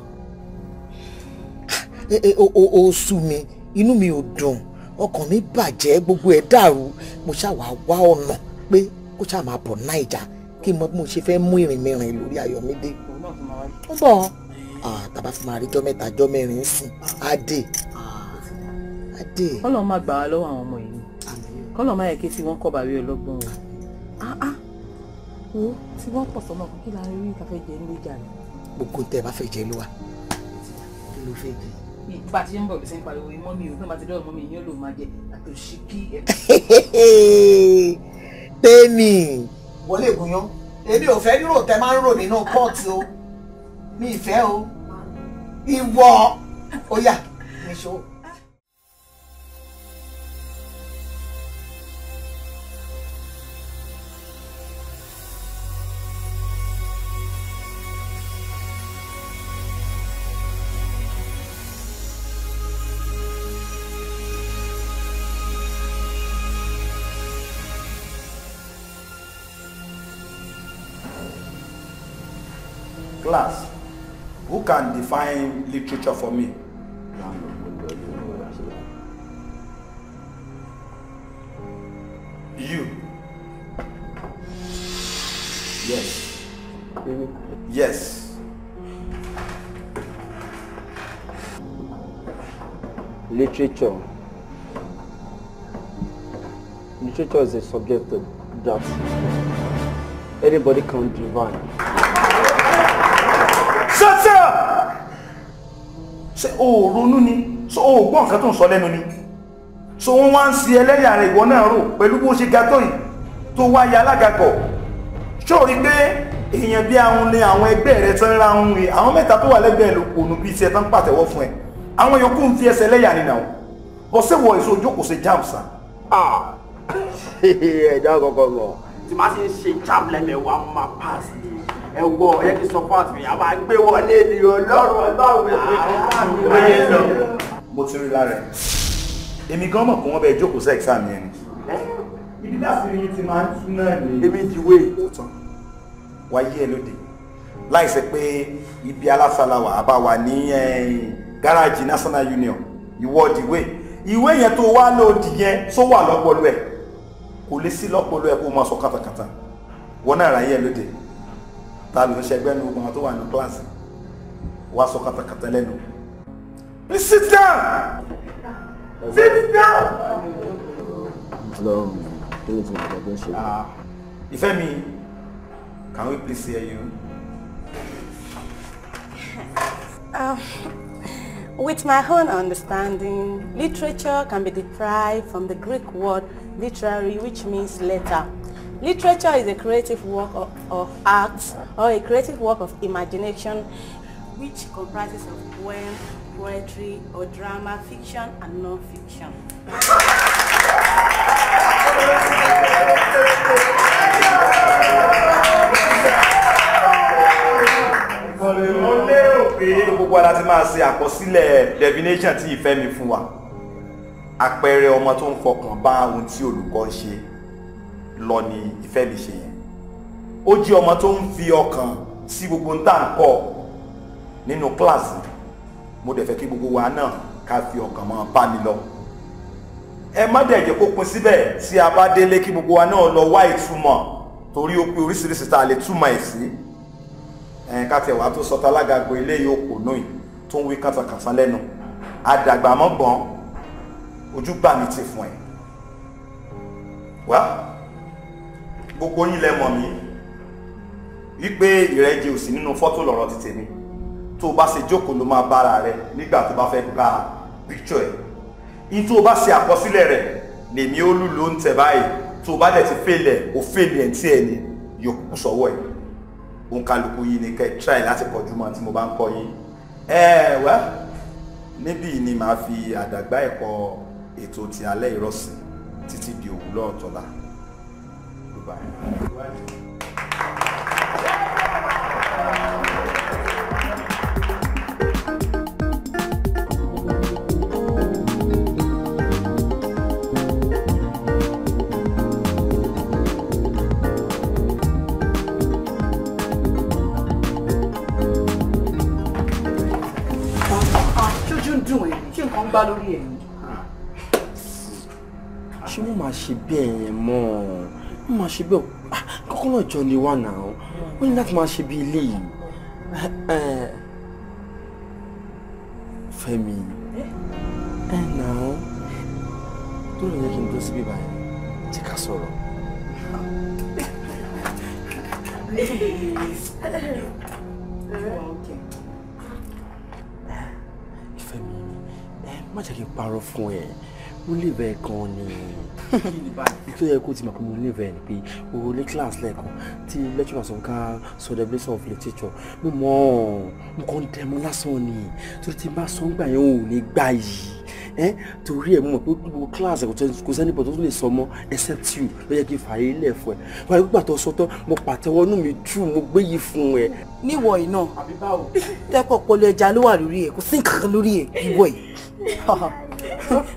Eh, eh, o o o sú mi inú mi ò dùn ọkàn mi bàjẹ́ gbogbo ẹ̀ dàrú mo ṣàwà wá ọ̀nà pé kó ṣáà máa bọ̀ náìjà kí n mọ bí mo ṣe fẹ́ mú ìrìn mi rìn lórí Ayọ̀mídé. ó bọ̀ tàbá fún máa rí jọ́ mẹ́ta jọ́ mẹ́rin sìn adé adé. kọ́lọ́ máa gbà wá lọ́wọ́ àwọn ọmọ yìí kọ́lọ́ máa yẹ kí tí wọ́n kọ́ bàrí ọlọ́gbọ́n wọn wo tí wọ́n pọ̀ sọ́mọ kí la rí ká fẹ́ jẹ ní ìjà rẹ̀. gbogbo tẹ bá fẹ́ jẹ ló wà kí ló fẹ́ jẹ. bá a ti ń bọ̀ bí sẹ́yìn pariwo mọ́ mi ò náà bá ti dọ́ọ̀ mọ́ mi ìyẹn ló máa jẹ àtòṣí kí ẹ. tẹ́mi. wọlé ìgúnyán èmi ò fẹ́ rírò tẹ máa ń rò nínú kóòtù o mi ì fẹ́ o ìwọ ó yá níṣó. scholars who can define literature for me. You. Yes. Yes. Literature. Literature is a subject that anybody can divine ṣe o ronú ni so o gbọ́ nǹkan tó ń sọ lẹ́nu ni so wọ́n wá ń si ẹlẹ́yà rẹ̀ ìwọ náà rò pẹ̀lú bó ṣe ga tó yìí tó wá ya alága kọ̀ ṣó rí pé èèyàn bí ahun ni àwọn ẹgbẹ́ rẹ̀ tán ra ń rìn àwọn mẹ́ta tó wà lẹ́gbẹ̀ẹ́ ló pònú bí iṣẹ́ tán pàtẹ́wọ́ fún ẹ àwọn yòókù ń fi ẹsẹ̀ lẹ́yà nínà o bọ́ sí wọ èso ojú kò ṣe jam sa. ẹ̀dá kọ̀ọ̀kan mọ̀ tí màá jam lẹ́mẹ̀wá máa pass ẹ wọ ẹ kí support mi àmà gbé wọlé ni ọlọ́run ọlọ́run àwọn mo ti rí lára ẹ̀ èmi gan mọ̀ kó wọ́n bẹ jókòó sí exam yẹn ni. ibi láti rí ti máa ń tún náà ni. èmi ti wé wáyé ẹ lóde láìsẹ pé ibi alásàláwà àbá wà ní gáràjì national union ìwọ ìdìwé ìwé yẹn tó wá lòdì yẹn tó wà lọ́pọlọ ẹ̀ kò lè sí lọ́pọlọ ẹ̀ kó máa sọ kátàkátà wọn náà ráyè lóde. ta ló nu gbọ́n tó wà wá sọ lẹ́nu. please sit down sit down. Hello. kí ló ti mọ ìfẹ́ mi can we please hear you. Um, with my own understanding, literature can be derived from the Greek word literary, which means letter. Literature is a creative work of, of art or a creative work of imagination which comprises of poem, poetry or drama, fiction and non-fiction. mo lérò pé gbogbo ara ti máa ṣe àkọsílẹ̀ definition tí ìfẹ́ mi fún wa àpẹẹrẹ ọmọ tó ń fọkàn bá ohun tí olùkọ́ ń ṣe lọ ni ìfẹ́ mi ṣe yẹn ó jẹ́ ọmọ tó ń fi ọkàn sí gbogbo ń tà ń kọ́ nínú kíláàsì mo dẹ̀ fẹ́ kí gbogbo wa náà ká fi ọkàn mọ́ bá mi lọ ẹ má dẹ̀ jẹ́ kó pin síbẹ̀ tí a bá délé kí gbogbo wa náà lọ wá ìtumọ̀ torí ó pé oríṣiríṣi tá a lè túmọ̀ ẹ̀ sí ẹ̀ ká tiẹ̀ wá tó sọ tálágàgbò eléyìí ó kò náà tó ń wí kàtàkàtà lẹ́nu àdàgbà ojú gbà mí ti fún ẹ̀ wá. Well, gbogbo yín lẹ mọ̀ mí wípé ìrẹ́jẹ òsì nínú fọ́tò lọ́rọ̀ ti tèmi tó o bá ṣe jókòó ló máa bára rẹ nígbà tó bá fẹ́ gba píkṣọ̀ ẹ̀ ní tó o bá ṣe àkọsílẹ̀ rẹ̀ lèmi ó lù ló ń tẹ̀ báyìí tó o bá dẹ̀ ti fèlè o fèlè ẹ̀ tí ẹ̀ ní yòókù sọ́wọ́ ẹ̀ òǹkàlùkù yìí ni kẹ́ try láti kọjú mọ́ tí mo bá ń kọ́ yín ẹ wá níbí ni màá fi àdàgbà ẹ̀kọ́ ètò ti alẹ́ ìrọ̀sìn títí di òwúlọ̀ ọ̀tọ̀la gbà ṣé wọ́n máa ṣe bẹ́ẹ̀ yẹn mọ́ ọ wọ́n máa ṣe bí ah, kọ́kọ́rọ́ ìjọ ni wà náà wọ́n ní láti máa ṣe bí ilé yìí eh, eh. Fẹ́mi ẹ eh, náà tó lè yẹ kí n dúró síbí báyìí tí ká sọ̀rọ̀. Ìfẹ́ mi má jẹ́ kí n parọ́ fún ẹ mo lèvẹ̀ kan ni tó yẹ kó ti mọ̀ pé mo lèvẹ̀ ni pé o lé class lẹ́ẹ̀kan tí lecturer sọ̀rọ̀ ká sọ the place of literature mo mọ̀ mo kàn ń dẹmu lásán ni torí ti bá sọ́ngbà yẹn ò ní gbà yìí ẹ torí ẹ mo mọ̀ pé gbogbo class ẹ kò sẹ́ni bọ̀ tó tún lè sọ mọ́ except you ló yẹ kí n fààyè lẹ̀ fún ẹ wàá gbà tó sọ tán mo pàtẹ́wọ́ inú mi jù mo gbé yìí fún ẹ. níwọ̀ yìí náà tẹ́kọ̀ pọlọ ẹja ló wà lórí ẹ̀ kò sí nǹkan lórí ẹ̀ ìwọ̀ yìí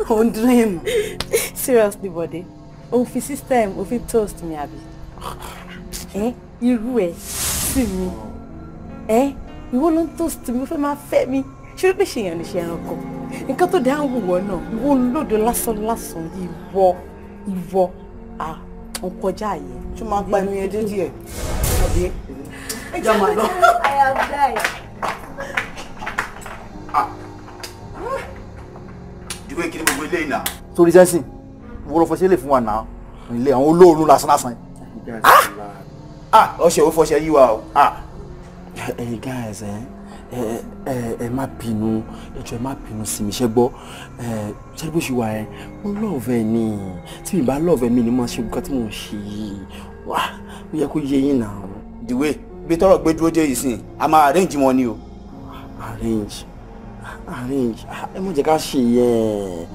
òun dream seriously bọ̀dé òun fi system òun fi toast mi àbí Eh? You ẹ sí mi ẹ eh? ìwọ ló ń toast me? ó fẹ́ máa fẹ́ mi ṣé pé ṣèyàn lè ṣe ẹranko nǹkan tó dáhùn wù wọ́ náà ìwọ olódo lásán lásán ìwọ last à ń kọjá àyè. tó Ah, gba ẹnu yẹn dé díẹ̀ ọ̀dẹ́ ẹjọ́ máa lọ. I am Ah pé kí ni gbogbo ilé ìnà. torí sẹ́sìn wọ́n lọ fọṣẹ́ lè fún wa náà ilé àwọn olóòórùn lásán lásán. Ah! Ah! ọṣẹ ò fọṣẹ yí wa o. Ah! ẹ̀yin guys ẹ ẹ ẹ má bínú ẹ jọ̀ọ́ ẹ má bínú sí mi ṣe gbọ́ ẹ ṣe bó ṣe wà ẹ mo lọ́ọ̀fẹ́ ni tí mi bá lọ́ọ̀fẹ́ mi ni mo ṣe nǹkan tí mo ṣe yìí wá ó yẹ kó yé yín náà. the way bí tọrọ gbé dúró dé yìí sìn a máa arrange wọn ni o. arrange arrange ah, ẹ mọ̀ jẹ́ ká ṣe yẹn.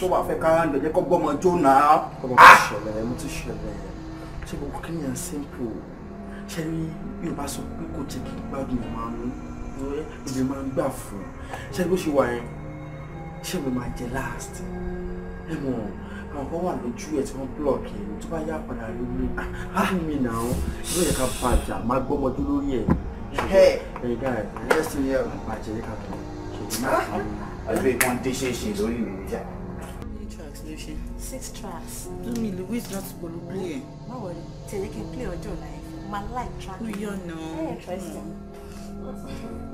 tó bá fẹ́ kára ń dẹ̀jẹ́ kọ́ gbọ́mọ jóná. ọmọ mi ah! ṣẹlẹ̀ mo ti ṣẹlẹ̀ ṣé gbogbo kí ni à ń simple ṣe rí yorùbá sọ pé kò jẹ́ kí gbádùn ẹ̀ máa mú ìdè máa ń gbà fún ṣe bó ṣe wà yẹn ṣé mi máa jẹ last ẹ mọ̀ àwọn kan wà lójú ẹ̀ tí wọ́n block yẹn tó bá yá padà rí mi ah, áhùn mi nà ó ló yẹ ká bàjá máa gbọ́mọdún lórí ẹ̀ ẹ̀yìn gáà ẹ̀ ẹ̀ ẹ̀ ṣe yẹ bàjẹ́ ká tó ọdún ìwọ̀n dé ṣeéṣe lórí ìrìn ìjà. six tracks do me the way not gbolo play ẹ. má wọlé tẹ̀lé kí play ọjọ́ ọ̀la life. My life. track. no yọ̀ nà. ẹ̀ ẹ̀ try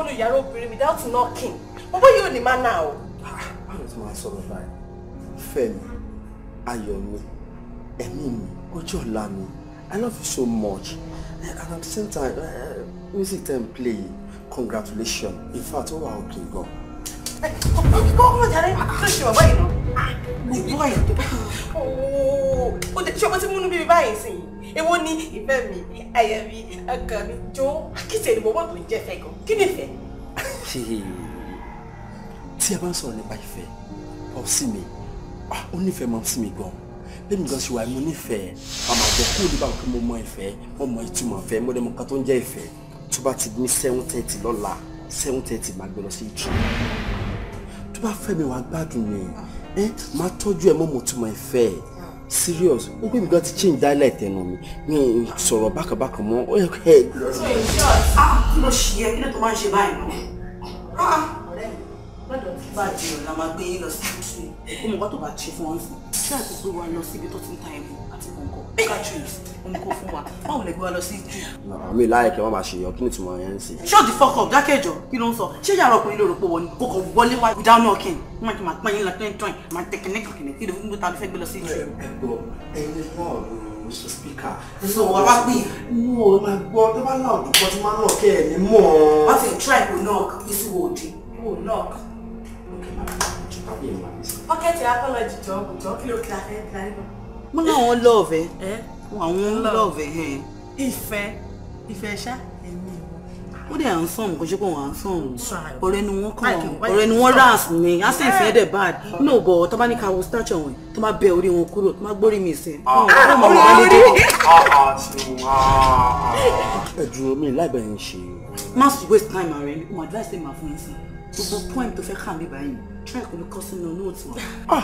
wọnú yàrá obìnrin without knocking owó yóò ní má náà o. Ah, báwo ti máa sọ̀rọ̀ báyìí fẹ́ mi ayọ̀ mi ẹ̀mí mi ọjọ́ ọ̀la mi I love you so much eh, and at the same time uh, music time play congratulations in fact ó wà òkè gan. kọ́kọ́ eh, oh, oh, oh, jàre tó ah, ah. ṣe bàbá yìí lọ. bàbá yìí tó bá yìí. ó dé ṣé ọmọ tí múnú bíbí báyìí sí i èwo ni ìfẹ́ mi àyà mi ọkàn mi jó akíṣe ni mo mọ̀ tó ń jẹ́ gan kí ni ìfẹ́. tí a bá ń sọ̀rọ̀ nípa ìfẹ́ ọ̀sìn mi ó nífẹ̀ẹ́ mọ́ sí mi gan bẹ́ẹ̀ni gan ṣe wà mo nífẹ̀ẹ́ àmọ́ àgbẹ̀ kúrò nípa pé mo mọ ìfẹ́ mo mọ ìtumọ̀ ìfẹ́ mo dẹ̀ mọ nǹkan tó ń jẹ́ ìfẹ́ tó bá ti ní seven thirty lọ́la seven thirty máa gbé lọ sí ìtù tó bá fẹ́ mi wàá gbádùn mi ẹ máa tọ́jú ẹ mọ́ mo túmọ̀ ìfẹ́ ẹ̀ serious ó gbé mi gan ti change dialect ẹnu mi mi n sọ̀rọ̀ bákàbákà mọ́ ó yẹ kó ẹ. Ah, kí ló ṣe yẹ kí ló tó máa ń ṣe báyìí náà ah, ọ̀rẹ́ mi gbọ́dọ̀ tí bá jẹun la máa gbé yín lọ sí ìtúsí kó mọ̀ wọ́n tó bá ṣe fún wọn fún ṣé àti gbé wa lọ síbi tó ti ń ta ẹ̀bùn mi láìpẹ́ wọ́n máa ṣe yan kí ni tùmọ̀ yẹn ń sìn. shut the fuck up dákẹ́jọ kí ló ń sọ ṣé yàrá ọkùnrin ló rò pé wọ́n ni kò kàn wọlé wá without knocking wọ́n máa ti máa pẹ́yìn lọ pẹ́yìn tọ́yìn máa tẹ kìnnìkìnnì kí ló fún mi ta ló fẹ́ gbé lọ sí jù. ẹ gbọ́ ẹni náà ló Mr. Speaker. Ẹ̀sọ́ wa bá pè mú o máa gbọ́ tó bá náà dùn kan tí máa náà kẹ́ ẹ̀ ní mọ̀ ọ́. Wọ́n ti try kò náà bísí wo òde. Kò náà. Pọ́kẹ́tì apology jọ̀ọ́ kò jọ́ kí ló kí la fẹ́ kí la nípa mo láwọn lọ́ọ̀fẹ́ àwọn lọ́ọ̀fẹ́ eh? eh? eh, ìfẹ́ ìfẹ́ ṣá èmi ó dẹ̀ à ń sọ̀rùn kò ṣe pé wọ́n à ń sọ̀rùn ọ̀rẹ́ ni wọ́n kàn ọ̀rẹ́ ni wọ́n ras ni á sì fẹ́ dẹ̀ bad mm. no bọ̀ tó bá ní ká wo starch ọ̀hún tó bá bẹ orí wọn kúrò tó bá gbórí mi sí. Ah. Ah, ah, ẹ dúró mi láìpẹ́ yẹn ṣe. must waste time ààrẹ mo advice ma fún yín sí gbogbo point tó fẹ́ kà mí báyìí try kò ní kọ́ sínú note wa.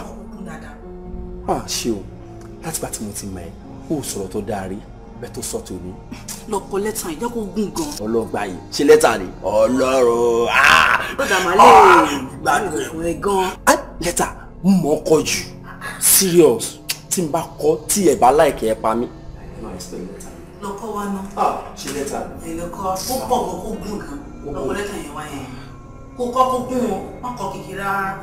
ah ṣeun látìgbà tí mo ti mọ̀ ẹ́ ó sọ̀rọ̀ tó dáa rí bẹ́ẹ̀ tó sọ tòní. lọkọ lẹ́tà yìí jẹ́kọ̀ gùn gan. ọlọ́gbà yìí ṣe lẹ́tà ni ọlọ́run. lọ́dà ah! máa lè gbàgbọ́ ẹ̀ gan. lẹ́tà mọ̀ ọ́ kọ jù serious tí n bá kọ tí ẹ̀ bá láìkẹ́ ẹ̀ pa mí. lọkọ wa ná. Ah, ṣe lẹ́tà ni. ẹ̀ lọkọ kó pọ̀ kó kó gùn gan lọkọ lẹ́tà yẹn wá yẹn kó kọ́ kó gùn wọn kọ́ kékeré rárá.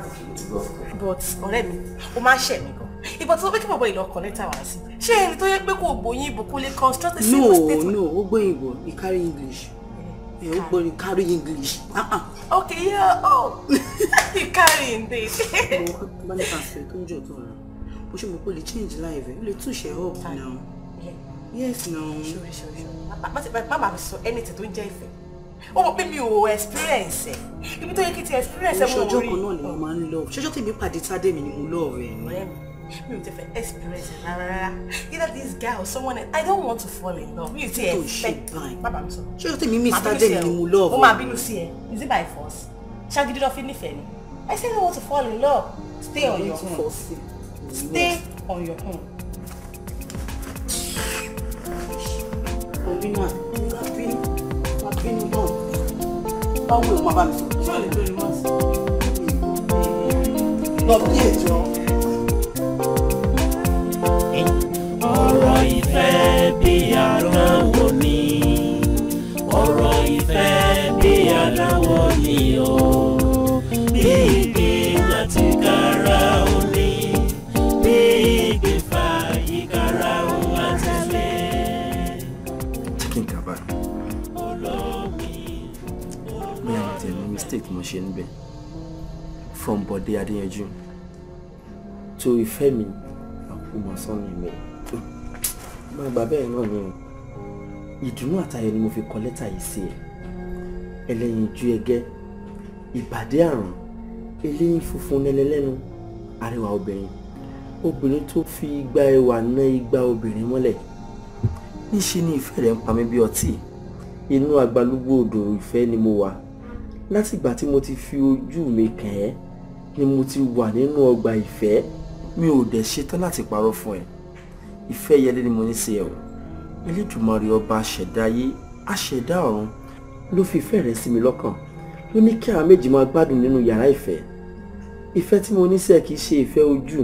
but ọ̀rẹ́ mi ó máa ń ṣẹ̀ mí g ìbọn tí fẹ́ kí bàbá ìlú ọkọ̀ lẹ́tà wá sí ṣé ẹni tó yẹ pé kò gbóyin ìbò lè construct a civil statement. no no ó gbóyin ìbò he carry english ẹ hmm. eh, ó gbóyin carry english. Ah, ah. okay yeah oh he carry English. mo bá ní pàṣẹ tó ń jọ tó rà bó ṣe mọ̀ pé ó lè change life ẹ̀ ó lè túṣe up now yes now. sure sure sure má má tó ń jẹ́ ìfẹ́ ó mọ̀ pé mi ò experience ẹ̀ ibi tó yẹ kí n ti experience ẹ̀ mo rí. oṣù ọjọ́ kan náà ni mo máa ń lọ ṣọjọ́ tèmi pàdé tádé mi ni mo lọ́ọ̀rẹ́ ẹ̀ mi ò tẹ fẹ́ experience rárá rárá either this guy or someone else i don't want to fall in love mi ò tẹ expect bàbá mi sọ. ṣé o tẹ̀mí mi started ni mo love. Oh my bínú sí is it by force ṣáàgídí lọ́ọ́ it off anything. i said i don't want to fall in love stay on your own stay on your own. obìnrin náà bínú bínú náà báwo ni o máa bá mi sọ. ṣé o lè lórí mọ́tò. lọ bí ètò. ìfẹ́ bí aláwọ̀ ni ọ̀rọ̀ ìfẹ́ bí aláwọ̀ ni o bí ìgbín àti kàrà òní bí ìgbín fa ìkàrà òun àtẹ̀lé. chicken kaba bí a ti ní mistake mo ṣe níbẹ̀ from Bọ̀dé Adéyanjú to ìfẹ́ mi àkùmọ̀sán ni mi máa gbà bẹ́ẹ̀ náà ni ìdùnnú àtayọ̀ ni mo fi kọ lẹ́tà yìí sí ẹ ẹlẹ́yin ju ẹgẹ́ ìbàdí àrùn eléyín funfun nẹlẹ́lẹ́nu arẹwà obìnrin obìnrin tó fi igba ẹwà ná igba obìnrin mọ́lẹ̀ níṣe ni ìfẹ́ rẹ̀ ń pa mí bí ọtí inú agbalúgbò odò ìfẹ́ ni mo wà látìgbà tí mo ti fi ojú mi kàn ẹ́ ni mo ti wà nínú ọgbà ìfẹ́ mi ò dẹ̀ ṣetán láti parọ́ fún ẹ ìfẹ́ yẹlé ni mo ní sí ẹ o elédùnmarè ọba àṣẹ̀dá ayé àṣẹ̀dá ọ̀run ló fi ìfẹ́ rẹ̀ sí mi lọ́kàn ló ní kí àwọn méjì máa gbádùn nínú yàrá ìfẹ́ ìfẹ́ tí mo ní sí ẹ kì í ṣe ìfẹ́ ojú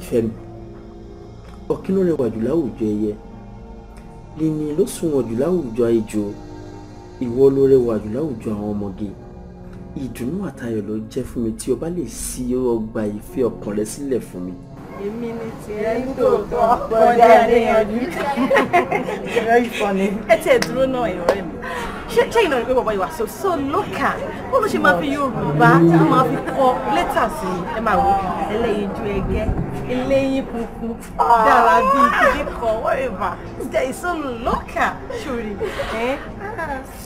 ìfẹ́ mi ọ̀kín ló rẹwà jù láwùjọ ẹyẹ líní ló sunwọ̀n jù láwùjọ ejò ìwọ ló rẹwà jù láwùjọ àwọn ọmọge ìdùnnú àtayọ̀ ló jẹ́ fún mi tí o lè ṣí ọgbà ìfẹ́ ọkàn rẹ sílẹ̀ fún mi èmi ni tiẹ̀ ń tòótọ́ bọ́dé adéyanjú very funny. ẹ tiẹ̀ dúró náà ìrọ̀rẹ́ mi ṣé ìnáwó ni pé bàbá ìwà so so local bó ló ṣe máa fi yorùbá tó máa fi kọ lẹ́tà sí ẹ máa wò ẹlẹ́yin ju ẹgẹ́ eléyín funfun ah. dára bíi kìdí kan wọ́n rẹ̀ bá ṣe so local ṣòrí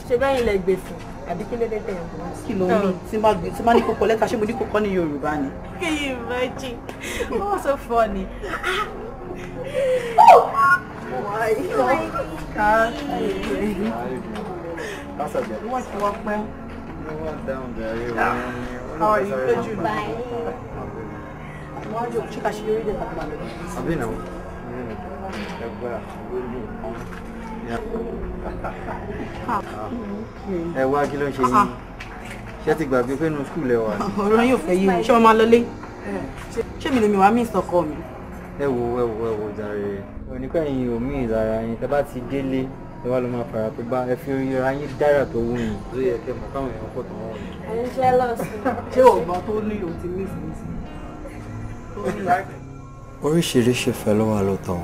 ṣe bẹ́yìn lẹ gbèsè àbí kí lédè tẹ̀ ẹ̀kọ́. kí ló ní tí má gbé tí má ní kókó lẹ́ka ṣé mo ní kókó ní yorùbá ni. can you imagine oh so funny. oh my god. wọ́n ti wọ́n pẹ́. how are you lójú mi. wọ́n á jọ ṣé ká ṣe eré dẹ̀ tàbí àlọ́. àbí náà ẹgbẹ́ àgbẹ̀ yìí ẹ wá kí ló ń ṣe yín ah, ah. ṣé ti gbàgbé pé inú skul ẹ wà ní. ọ̀rọ̀ yóò fẹ́ yí o ṣé wọ́n máa lọlé ṣé mi lè mi wàá mí ìsọkọ mi. ẹ wo ẹ wo ẹ wo jàre oníkẹ́yìn omi ìlara yín tẹ́ bá ti délé ẹ wá lọ máa fara pé bá ẹ fi ra yín dára tó wù yín. ló yẹ kẹ́ mọ̀ káwọn èèyàn pọ̀ tó wọ́n ẹ ń jẹ́ lọ́sùn. ṣé ọ̀gbọ́n tó ní òun ti ní ìsinyìí oríṣiríṣi fẹ́ ló wà lóòótọ́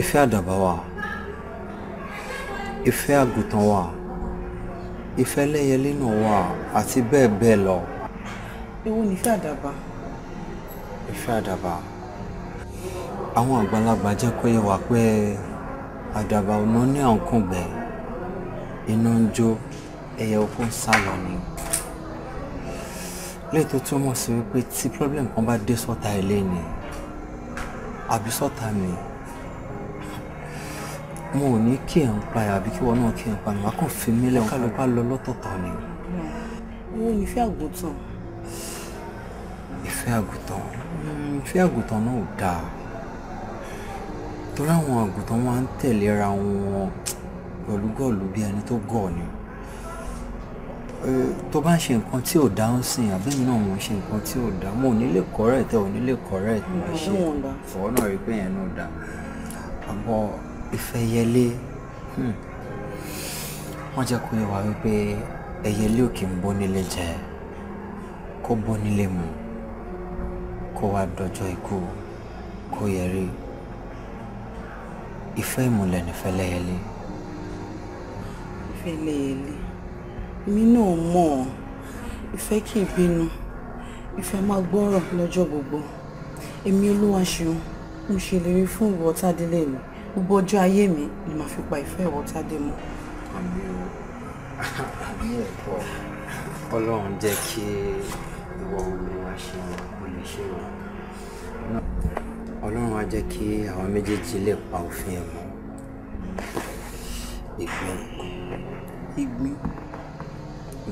ìfẹ́ àdàbà wà ìfẹ́ àgùntàn wà ìfẹ́ ẹlẹ́yẹlé náà wà àti bẹ́ẹ̀ bẹ́ẹ̀ lọ. èwo nìfẹ́ àdàbà. ìfẹ́ àdàbà àwọn àgbàlagbà jẹ́ kó yé wa pé àdàbà ọ̀nà ní àǹkùngbẹ́ iná ń jó ẹyẹ oko ń sá lọ ni lẹ́yìn tó túmọ̀ sí wípé tí problem kan bá dé sọ́ta ilé ni àbí sọ́ta mi. So mo ò ní kí ẹ̀ ń pa ẹ̀ àbí kí wọ́n náà kí ẹ̀ ń pa mi wá kàn fi mí lẹ́wọ̀n kálukú lọ lọ́tọ̀ọ̀tọ̀ ni. owó mi fẹ́ àgùntàn. ìfẹ́ àgùntàn ìfẹ́ àgùntàn hmm, náà ò dáa torí àwọn àgùntàn máa ń tẹ̀léra wọn pẹ̀lú gọ́ọ̀lù bí ẹni tó gọ̀ọ́ ni tó bá ń ṣe nǹkan tí ò dáhùn sí i àbẹ́mi náà mo ń ṣe nǹkan tí ò dá mo ò ní lè ò ní lè correct ṣe fọwọ́ náà rí pé yẹn náà dá àbọ̀ ìfẹ̀yẹlé hmm. wọ́n jẹ́ kó yé wa wípé ẹyẹlé ò kì í bónílé jẹ kó bónílé mu kó wá dọjọ́ ikú kó yẹrí ìfẹ́ ìmùlẹ̀ nífẹ̀ẹ́ lẹ́yẹlé. ìfẹ́ lẹ́yẹlé èmi náà mọ̀ ọ́ ìfẹ́ kì í bínú ìfẹ́ máa gbọ́rọ̀ lọ́jọ́ gbogbo èmi olúwa ṣeun mo ṣèlérí fún ìwọ mi gbogbo ọjọ́ ayé mi ni màá fi pa ìfẹ́ ìwọ Tádé mọ́. àmì ò àmì ẹ̀kọ́ ọlọ́run jẹ́ kí ìwọ omi wa ṣe wọn lè ṣe wọn. ọlọ́run á jẹ́ kí àwọn méjèèjì lè pa òfin ẹ̀ mọ́. ìgbín. ìgbín.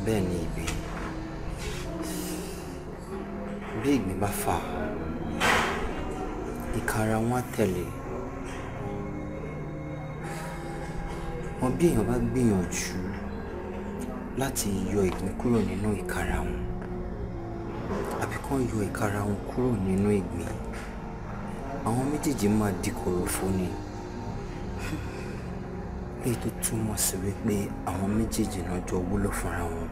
bẹ́ẹ̀ ni ìgbín. bí ìgbín bá fà ìkara wọn á tẹ̀lé. wọn bí èèyàn bá gbìyànjú láti yọ ìgbín kúrò nínú ìkara wọn àbí kán yọ ìkara wọn kúrò nínú ìgbín àwọn méjèèjì máa di kòròfo ni èyí tó túmọ̀ sí wípé àwọn méjèèjì náà jọ wúlò fúnra wọn.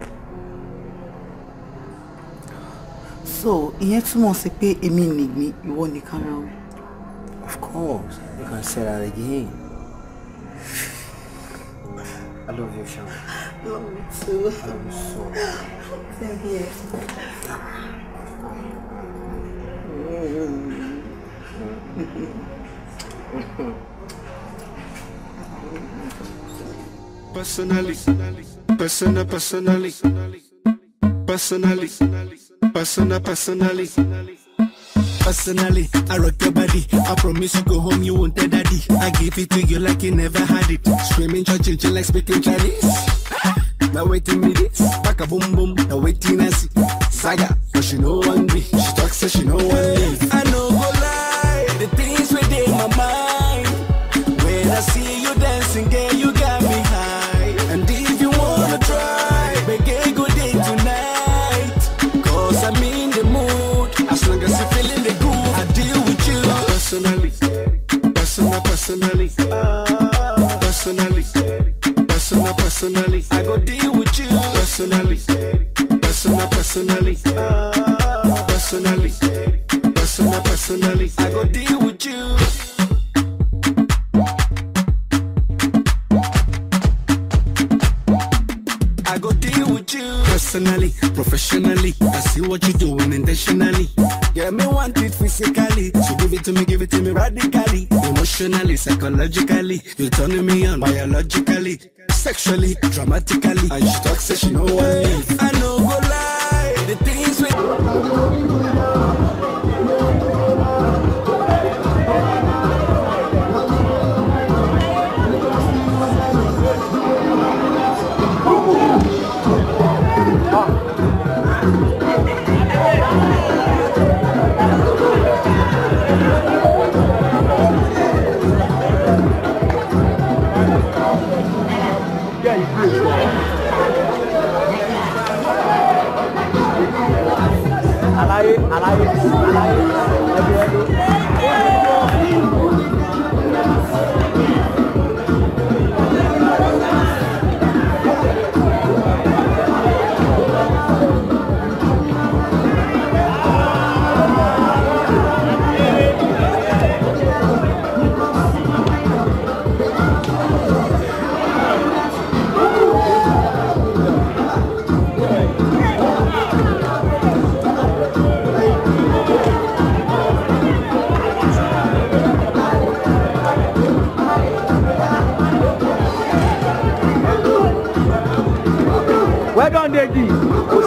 so ìyẹn túmọ̀ sí pé èmi nìgbín ìwọ nìkan ra wọn. of course you can say that again. I love you, Sean. Love you too. I love you so much. Same here. Personally, persona, personally, personally, persona, personally. Personally, I rock your body. I promise you go home, you won't tell daddy. I give it to you like you never had it. Screaming, churching, chill like speaking Chinese. Now waiting me this, back a boom boom. Now waiting I see saga, but she know one me. She talks so she know one me. I know go lie, the thing psychologically. You're turning me on biologically, sexually, dramatically. And she talks, say she know I I know go lie.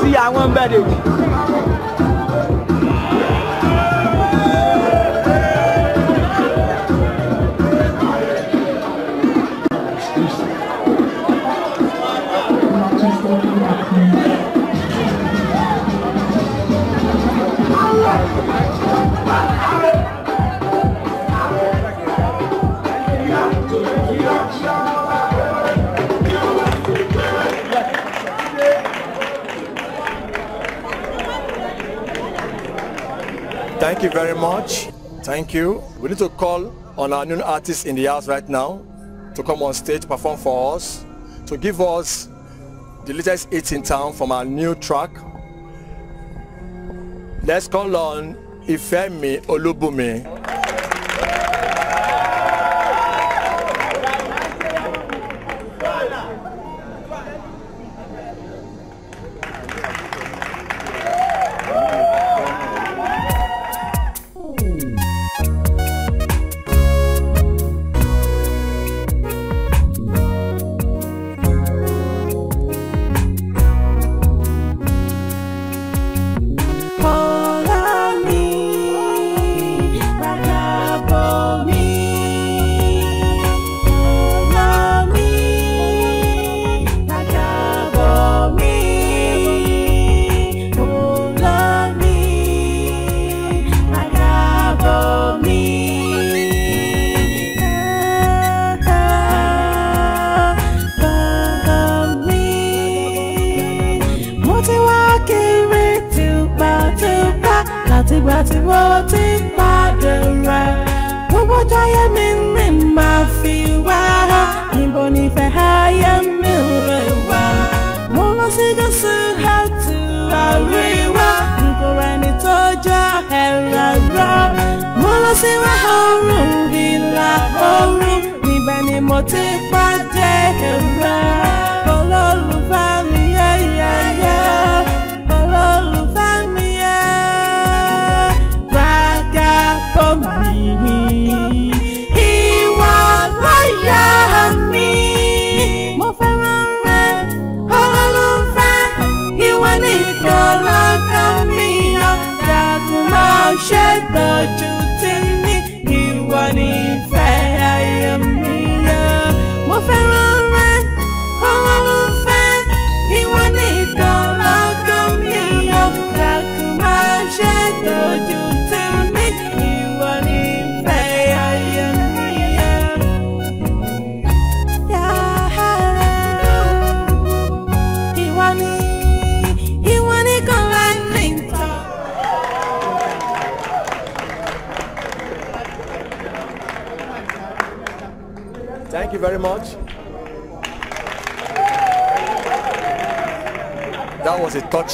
see I won't bet Thank you very much. Thank you. We need to call on our new artist in the house right now to come on stage, perform for us, to give us the latest hits in town from our new track. Let's call on Ifemi Olubumi.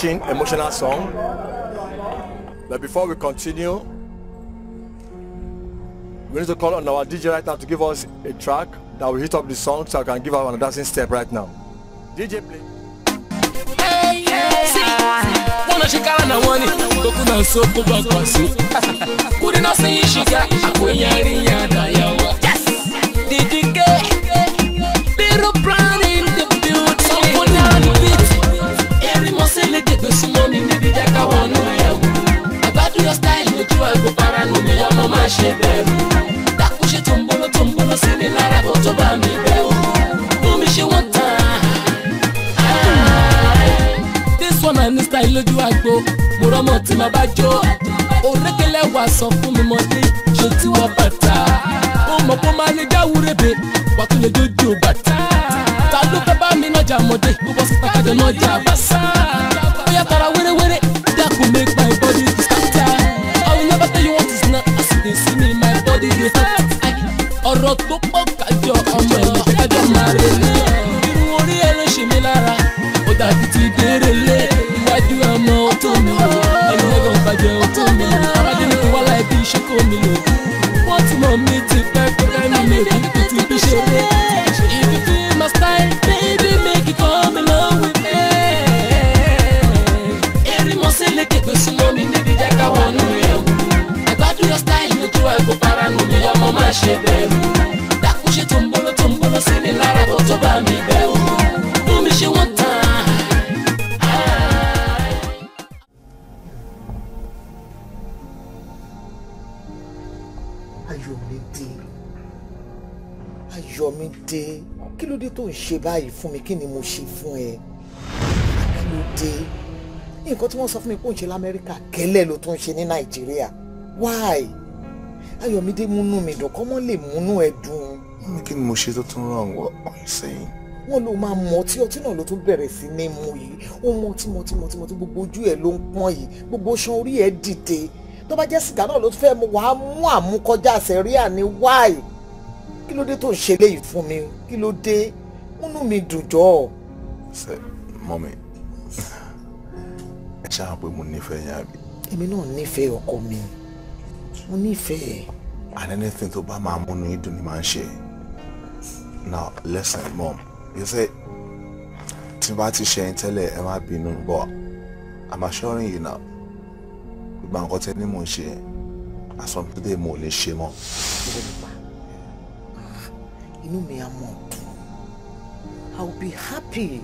touching, emotional song. But before we continue, we need to call on our DJ right now to give us a track that will hit up the song so I can give our dancing step right now. DJ play. Hey, yeah. ṣe bẹ̀rù dákun ṣe tòǹbọ̀lọ́ tòǹbọ̀lọ́ sí mi lára kó tó bá mi bẹ̀ o mú ṣe wọ́n tán. this one and this style lójú àgbo mo rọ́mọ tí màá bá jó òrékelẹ̀ wà sọ fún mi mọ́dé ṣe tí wọ́n bàtà ó mọ̀ kó máa lè jáwúrẹ́bẹ wà tún lè jójú bàtà ta ló fẹ́ bá mi nájà mọ́dé gbogbo sí pàkàjọ nájà bàtà ó yà tara wẹ́rẹ́wẹ́. báyìí fún mi kí ni mo ṣe fún ẹ àkíyòdé nǹkan tí wọ́n sọ fún mi pé ó ń ṣe lamẹ́ríkà kẹ́lẹ́ ló tún ń ṣe ní nàìjíríà why ayọ̀mídé múnú mi dùn kọ́mọ́ lè múnú ẹ dùn. wọ́n kí ni mo ṣe tó tún rán wọ́n ọ̀hún sẹ́yìn. wọ́n ló máa mọ ọtí ọtí náà ló tún bẹ̀rẹ̀ sí ní mu yìí ó mọ ọtí mọtí mọtí mọtí gbogbo ojú ẹ̀ ló ń pọ́n yìí gbogbo ṣan orí ẹ̀ dìde tó bá jẹ́ sìgá náà ló fẹ́ mu wàá mú àmú kọjá àṣẹríà ní wáì kí ló dé tó ń ṣe léyìí fún mi kí ló dé múnú mi dùn jọ. ṣe mọ́mi ẹ ṣáà pé mo nífẹ̀ẹ́ yín àbí. èmi náà nífẹ̀ẹ́ ọkọ mi mo nífẹ̀ẹ́. and anything tó bá máa múnú yín dùn ni máa ń ṣe now listen mom you say tí n bá ti ṣe ẹyin tẹ́lẹ̀ ẹ má bínú but i'm assuring you now gbogbo àwọn nǹkan tẹ́ ní mò ń ṣe àsọ̀tún tẹ́ mo ò ṣe mọ́. Ah, inú mi á mọ̀ i will be happy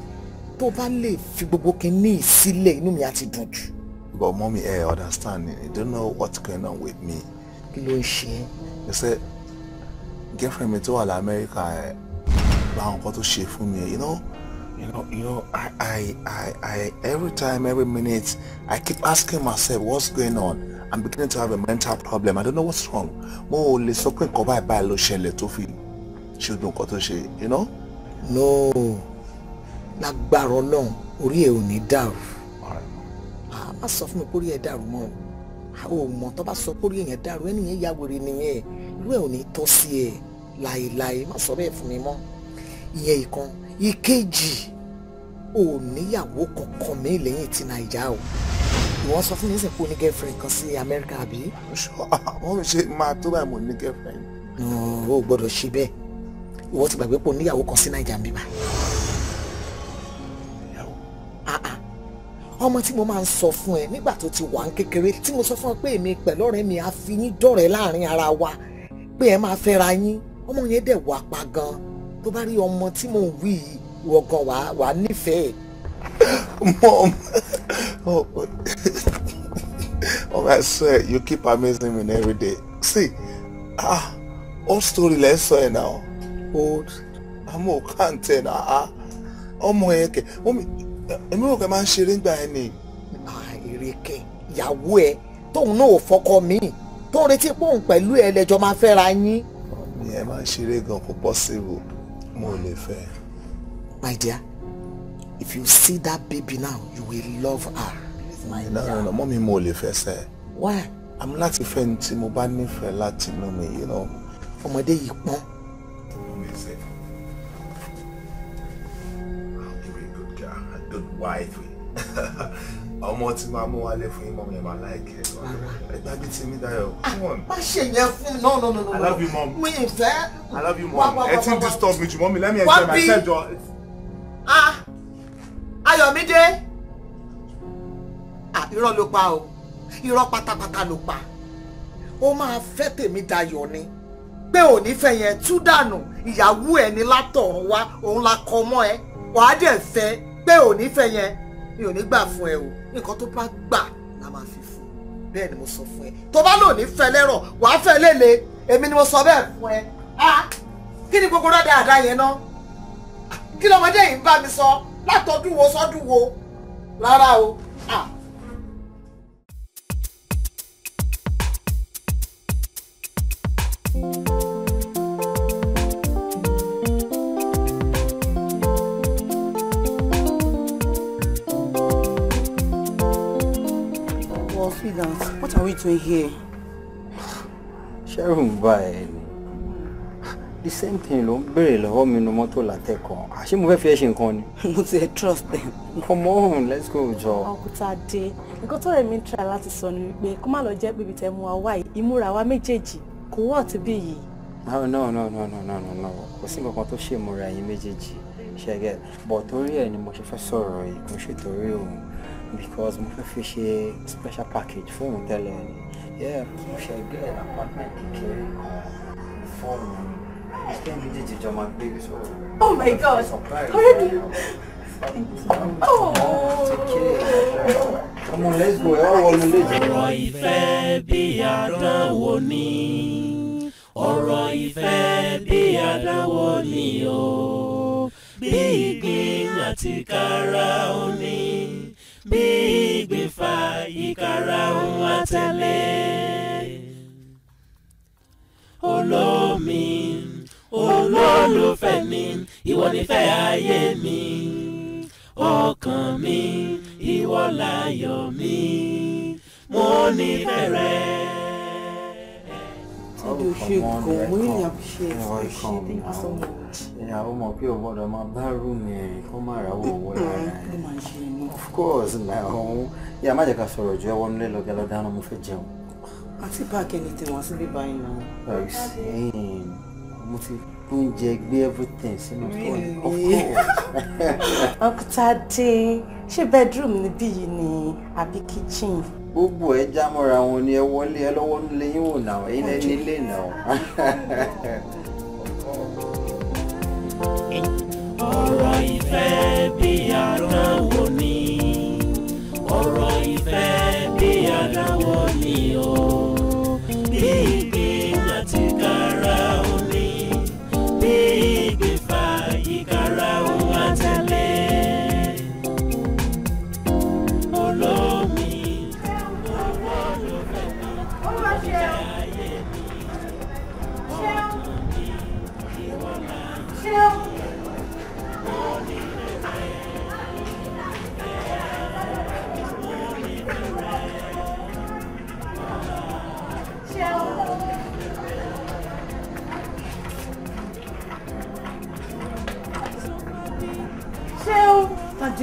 tó bá lè fi gbogbo kìíní sílẹ̀ inú mi á dùn jù. but mommy eh understand eh, you don't know what's going on with me. kí ló ń ṣe é. you say girlfriend mi tó wà lamẹ́ríkà ẹ̀ eh, báwọn kan tó ṣe fún mi you know you know you know I, I I I every time every minute I keep asking myself what's going on I'm beginning to have a mental problem I don't know what's wrong mo ò lè sọ pé nǹkan báyìí báyìí ló ṣẹlẹ̀ tó fi ṣe nǹkan tó ṣe you know no lágbára ọlọ́run orí ẹ̀ ò ní dàrú ah, má sọ fún mi kórè ẹ̀ dàrú mọ́ o mọ̀ tó bá sọ kórè yẹn dàrú ẹni yẹn ya wèrè nìyẹn irú ẹ̀ ò ní tọ́ sí ẹ̀ láéláé má sọ bẹ́ẹ̀ fún mi mọ́ ìyẹn ìkan ìkejì ò níyàwó kankan mi lẹ́yìn tí nàìjà o wọ́n sọ fún mi sìn kó ní girlfriend kan sí Amẹ́ríkà àbí. wọ́n ṣe máa tó báyìí mo ní girlfriend. o gbọ́dọ̀ ṣe bẹ́ẹ̀ ìwọ ti gbàgbé pò níyàwó kan sí naija bíbá. ọmọ tí mo máa ń sọ fún ẹ nígbà tó ti wà ń kékeré tí mo sọ fún ọ pé èmi pẹ̀lú ọ̀rẹ́ mi a dọ̀rẹ́ láàrin ara wa pé ẹ máa fẹ́ra yín ọmọ yẹn dẹ̀ wà pa gan tó bá rí ọmọ tí mò ń wí wọ gan wà wà nífẹ̀ẹ́. Mom, oh, oh, I swear you keep amazing me every day. See, ah, old story let's say now àmọ́ ò kà náà ọmọ ẹ kẹ èmi ò kẹ máa ń ṣeré ńgbà ẹ nì. Ah, èrè kẹ ìyàwó ẹ tóun náà ò fọkọ mi tó ń retí pé pẹ̀lú ẹ lẹ́jọ́ máa fẹ́ra yín. ìyẹn máa ń ṣeré gan kó possible mo lè fẹ́. my dear if you see that baby now you will love her. my no, dear no no mọ́ mi mo lè fẹ́ sẹ́. why. àmì láti fẹ́ ní tí mo bá nífẹ̀ẹ́ láti inú mi yìí náà. ọmọdé yìí pọ́n. wáìfì ọmọ tí máa mú wálé fún yín mọ́mọ́ yẹn máa láìkẹ́ ẹgbẹ́ bíi ti mi dayọ̀ má ṣe yẹn fún no no no no. I love you mom. mi ìfẹ́. I love you mom. ẹ ti ń disturb mi jù mọ́ mi lẹ́mìí ẹ̀jẹ̀ máa ṣẹ́jọ. ah Ayọ̀mídé ah irọ́ ló pa o irọ́ pátápátá ló pa ó máa fẹ́ tèmi dayọ̀ ni pé ò ní fẹ́ yẹn tú dànù ìyàwó ẹ̀ ní látọ̀run wá òun la kọ́ mọ́ ẹ wàá dẹ̀ fẹ́ pé ò nífẹ̀ẹ́ yẹn mi ò ní gbà fún ẹ o nǹkan tó bá gbà la máa fi fún un bẹ́ẹ̀ ni mo sọ fún ẹ tó bá lò ní fẹ́ lẹ́rọ̀ wàá fẹ́ lélẹ̀ èmi ni mo sọ bẹ́ẹ̀ fún ẹ ah kí ni gbogbo rẹ̀ dáadáa yẹn náà kí lọmọdé yìí ń bá mi sọ látọdún wo sọdún wo rárá o ah. be now? What are we doing here? Sharon Bae. The same thing lo. ń béèrè lọ́wọ́ mi nu mọ́tò látẹ̀kàn. Àṣé mo fẹ́ fi ẹ́ ṣe nǹkan ni? Mo ti trust them. Come on, let's go, jọ. Ọkùtà dé. Nǹkan tó rẹ̀ mi ń try láti sọ ni wípé kó má lọ jẹ́ pé ibi tẹ́ mu àwa yìí, ìmúra wa méjèèjì kò wọ́ọ̀tì bí yìí. No, no, no, no, no, no, no. Kò sí to tó ṣe ìmúra yín méjèèjì ṣẹ́gẹ̀ bọ̀ torí ẹ̀ ni mo ṣe fẹ́ sọ̀rọ̀ yìí kò ṣe torí òun because mo fẹ́ fi special package fóònù tẹ́lẹ̀ ni mo ṣe gbé apartment kékeré kan fóònù mi ṣé méjèèjì jọ máa gbé so. oh my god already. Oh. ọmọ ọ̀rọ̀ ìfẹ́ bí àdánwò ni ọ̀rọ̀ ìfẹ́ bí àdánwò ni o bí ìgbín àti kárá ó ní bí ìgbèfà ìkara ohun àtẹ̀lé. olómi olólùfẹ́ mi ìwọ nífẹ̀ ayé mi ọkàn mi ìwọ láyọ̀ mi mo nífẹ̀ẹ́ rẹ mo really appreciate appreciating her so much. ìyàwó mọ̀ pé o gbọ́dọ̀ máa bá rúùmù ẹ̀ kó má ra owó owó rárá ẹ̀. of course na òun I'm má jẹ́ ká sọ̀rọ̀ jù ẹwọ́n nílé lọ́gẹ́ lọ dáná mo fẹ́ jẹun. àti páàkì ẹni tí wọ́n síbí báyìí náà. very sane mo ti oúnjẹ gbé everything of course. ọkùtà dín ṣé bedroom níbí yìí ni àbí kitchen gbogbo ẹ já mọ́ra wọn ni ẹ wọlé ẹ lọ́wọ́ nílé yín wò náà ẹ̀yin lẹ́ni ilé náà. ọ̀rọ̀ ìfẹ́ bí àdánwò.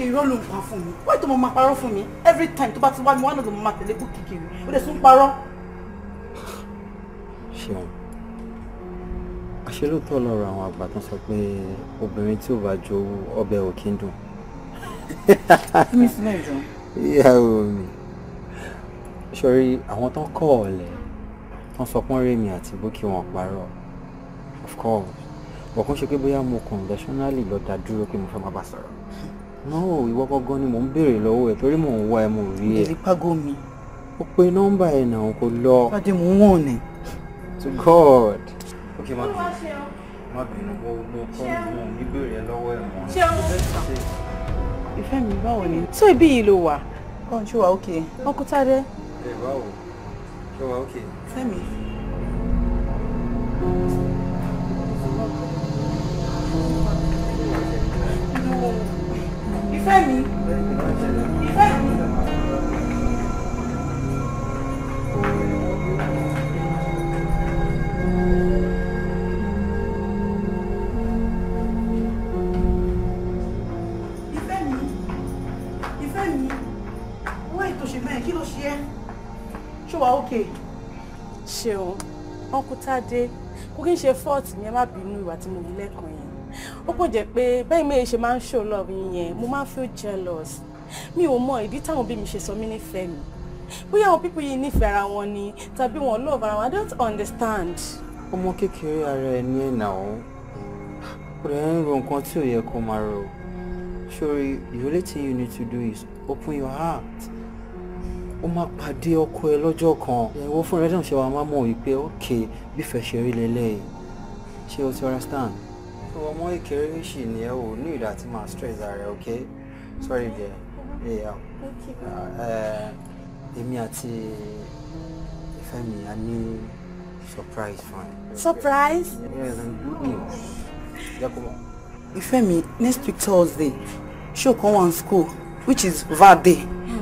irọ́ ló ń pa fún mi wáyé tó mọ máa parọ́ fún mi every time tó bá ti wá mi wọn náà ló máa tẹ̀lé kú kìkìrì ó dẹ̀ tún parọ́. ṣeun àṣelóòótọ́ lọ́rọ̀ àwọn àgbà sọ pé obìnrin tí ò bá jó ọbẹ̀ ò kí ń dùn. mi sílẹ̀ jọ. ìyàwó mi sọrí àwọn tán kọ̀ ọ̀lẹ́ wọ́n sọ pọ́n rémi àti bókì wọn parọ́ of course ọ̀kan ṣe pé bóyá mo kàn lẹ́ṣọ́nálì lọ́ọ́ dá dúró pé mo fẹ́ máa bá sọ̀rọ̀ no ìwọ gangan ni mò ń béèrè lọ́wọ́ ẹ̀ torí mò ń wá ẹ mò rí ẹ. ìdílé pago mi. ó pe nọ́mbà ẹ̀ náà kò lọ. pàdé mò ń wọ̀n ni. to god. ok má bínú má bínú bó ló kọ́ mi mò ń béèrè ẹ lọ́wọ́ ẹ̀ mọ́. ṣé o ìfẹ́ mi báwo ni. tó ibi yìí ló wà. kàn ṣó wa ókè. ọkùtàdé. ẹ báwo ṣó wa ókè. fẹ́mi. ìfẹ́ mi ìfẹ́ mi. ṣó wà ókè. ṣeun ọkùtàdé kò kí n ṣe fọ́ọ̀tì yẹn má bínú ìwà tí mo wí lẹ́kàn yẹn ó kò jẹ́ pé bẹ́ẹ̀ mi ṣe máa ń show love yín yẹn mo máa ń feel jealous mi ò mọ ìdí táwọn òbí mi ṣe sọ mí nífẹ̀ẹ́ mi bóyá àwọn pípọ̀ yìí nífẹ̀ẹ́ ara wọn ni tàbí wọn love ara wọn i don't understand. ọmọ kékeré ara ẹ ní ẹ̀nà ọ̀hún kò rẹ̀ ń ro nǹkan tí ò yẹ kó máa rò sórí the only thing you need to do is open your heart ó máa pàdé ọkọ ẹ lọ́jọ́ kan ìyàwó fúnra ẹ̀ dàn ṣe wàá má mọ̀ wípé ok bí fẹ̀ ṣe rí lélẹ́yìí ṣé o ti understand so ọmọ ìkéré méjì ni ẹ ò ní ìdá tí máa stress ara ok sorry there yeah uh, èmi àti ìfẹ́ mi a ní surprise fún ẹ. surprise. yes and good news jẹ́ kó next week thursday show come wan school which is vat day.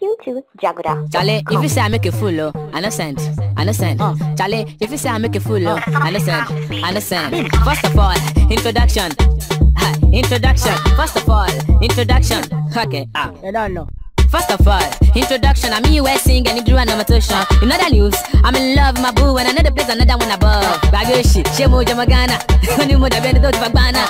you Charlie, if you say I make a fool, oh, innocent, innocent. Uh. Charlie, if you say I make a fool, oh, innocent, oh. innocent. First of all, introduction, introduction. First of all, introduction. Okay, ah. I don't know. First of all, introduction, I'm you where sing and it drew another tuition. In other news, I'm in love with my boo and another place, another one above. Bagoshi, Shemo Jamagana, Honeymoon, I've been to Bagana.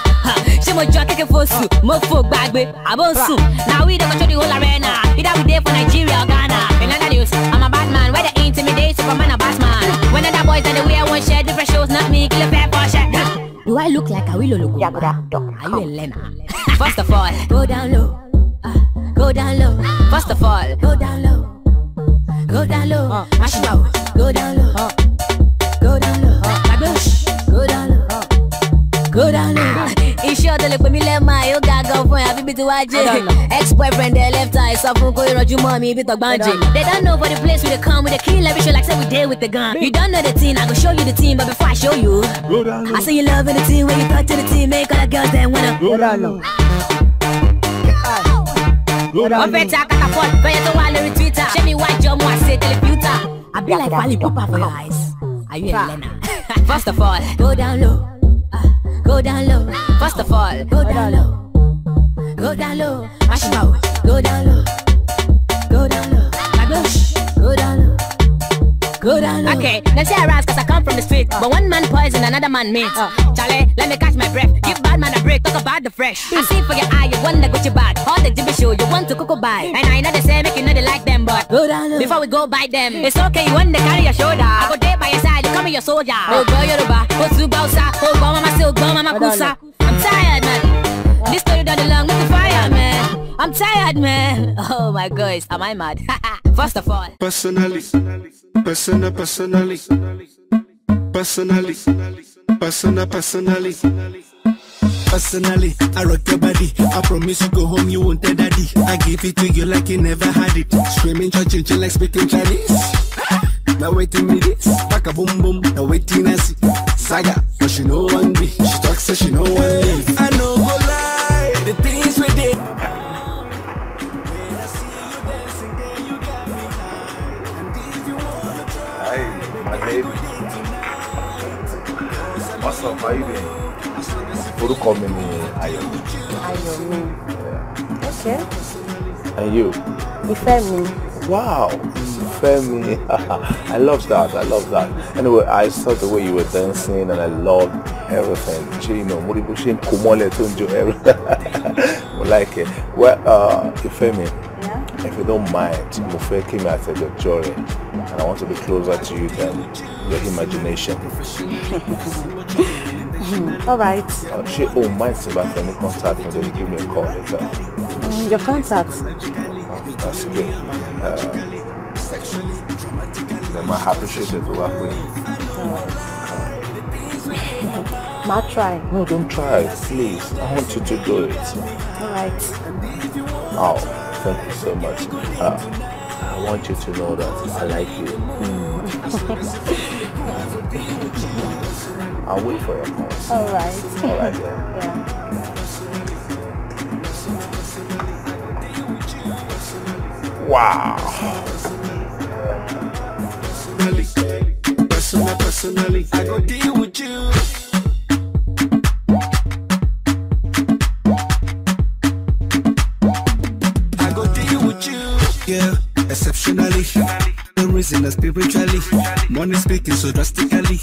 Shemo Jockey Fosu, Mofo Bagbe, Abosu. Now we don't control the whole arena. Either we there for Nigeria or Ghana. In other news, I'm a bad man, Where whether intimidate, Superman or Batman. When other boys that they wear one shirt, different shows, not me, kill a pair for portion. Do I look like a willow look? Are you a learner? First of all, go down low down low. First of all, go down low. Go down low. mash it out. Go down low. Uh, go down low. Uh, my bush. Go down low. Uh, go down low. Iṣẹ́ ọ̀tọ̀ lè pè mí lẹ́ẹ̀ma yóò ga gan fún ẹ àbí bí ti wá jẹ́. Ex-boyfriend ẹ left eye sọ fún kó ìrọ̀jú mọ́ mi ibi tọ̀gbọ́n jẹ. They don't know for the place we dey come we dey kill every show like say we dey with the gun. You don't know the team. I go show you the team. but before I show you. I say you love the team when you talk to the team. make all the girls dem wanna. go down low. Ọbẹ̀ tí a catapult bẹ́yẹ tó wà lórí Show me why wá jọ mú àṣẹ tẹlifíútà? I be like Wally Papa for your eyes. Are you a learner? First of all, go down low. Ah, go down low. First of all, go down low. Go down low. Mashima o. Go down low. Go down low. Maglosh. Oh, good and low. Okay, them say I rise cause I come from the street. Uh. But one man poison, another man meat. Uh. uh. Charlie, let me catch my breath. Give bad man a break, talk about the fresh. Mm. I see for your eye, you want the Gucci bag. All the Jimmy show, you want to cook buy. Mm. And I know they say make you know they like them, but good and Before we go buy them, mm. it's okay, you want to carry your shoulder. I go there by your side, you come with your soldier. Uh. Oh girl, Yoruba, go to oh go mama, still go mama, kusa. I'm tired, man. This story done the with the fire, man. I'm tired, man. Oh my gosh, am I mad? First of all, personally, personal, personally, personally, personally. Personally, I rock your body. I promise you go home, you won't tell daddy. I give it to you like you never had it. Screaming, judging, like speaking Chinese. Now waiting me this, back a boom boom. Now waiting I see saga, but she know one me. She talks so she know one me. I know go lie, the things we did. my baby. What's up? How you doing? Orúkọ mi ni Ayọ̀mí. Ayọ̀mí. Ṣé? And you? Ìfẹ́ mi. Wow, Femi, I love that. I love that. Anyway, I saw the way you were dancing, and I loved everything. You know, Muribushi Kumole Tunjo, everything. like it. Well, uh, Femi, if you don't mind, Mufe came out of your joy and I want to be closer to you than your imagination. All right. Uh, um, she not mind about any contact and then give me a call later. Mm, your contact? Oh, that's good. Uh, I'm happy shit is work with you. Ma try. No, don't try, please. I want you to do it. All right. Now. Thank you so much. Uh, I want you to know that I like you. Mm. I'll wait for your call. All right. All right. yeah. yeah. Wow. Personally, personally, I go deal with you. rising up spiritually. Money speaking so drastically.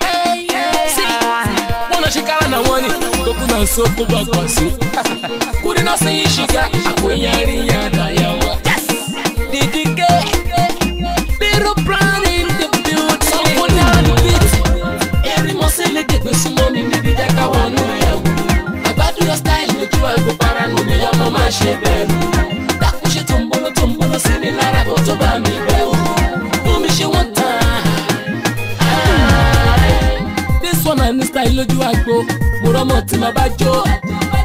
Hey, yeah. Unashikana na wani huku na soko bakwasi kuri nasiishika akunyarinyana yawa didike little brand in the building someone beat every mosele degbe sumo mi níbi jaka wọnú ẹwù àgbàdúrà style lójú àgbo para nù mí ọmọ má ṣe bẹ̀rù dákúṣe tòǹbóló tòǹbóló sí mi lára kó tó bá mi. lójú àgbo mo rọ́mọ tí màá bá jó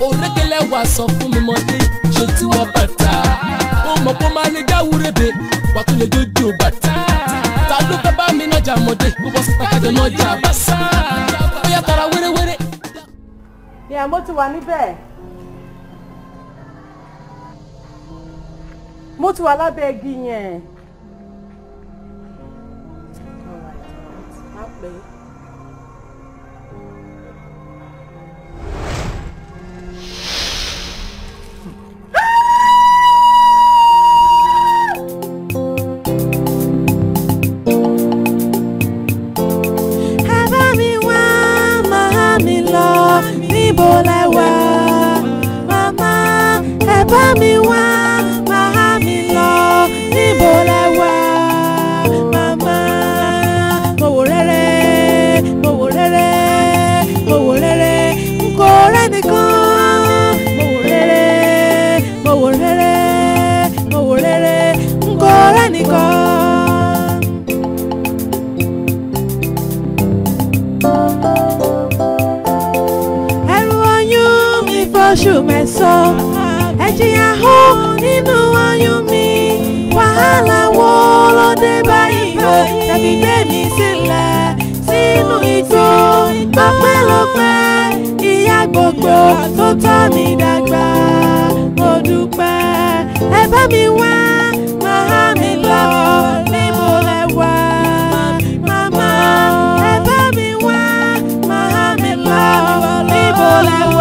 òrékelẹ̀ wà sọ fún mi mọ́lẹ́ ṣe tí wọ́n bàtà ó mọ̀ kó máa lè jáwúrẹ́bẹ̀ wà tó lè jójú bàtà ta ló fẹ́ bá mi nájà mọ́dé gbogbo síta kájọ nájà bàṣà bóyá tara wéréwéré. ìyá mo ti wà níbẹ̀. mo ti wà lábẹ́ igi yẹn. All right, all right. me why. nínú igbó lọ́pẹ́lọpẹ́ ìyá gbogbo tó tọ́ mi dàgbà mo dúpẹ́ ẹ bá mi wá màá mi lọ níbo lẹ wá màmá ẹ bá mi wá màá mi lọ níbo lẹ wá.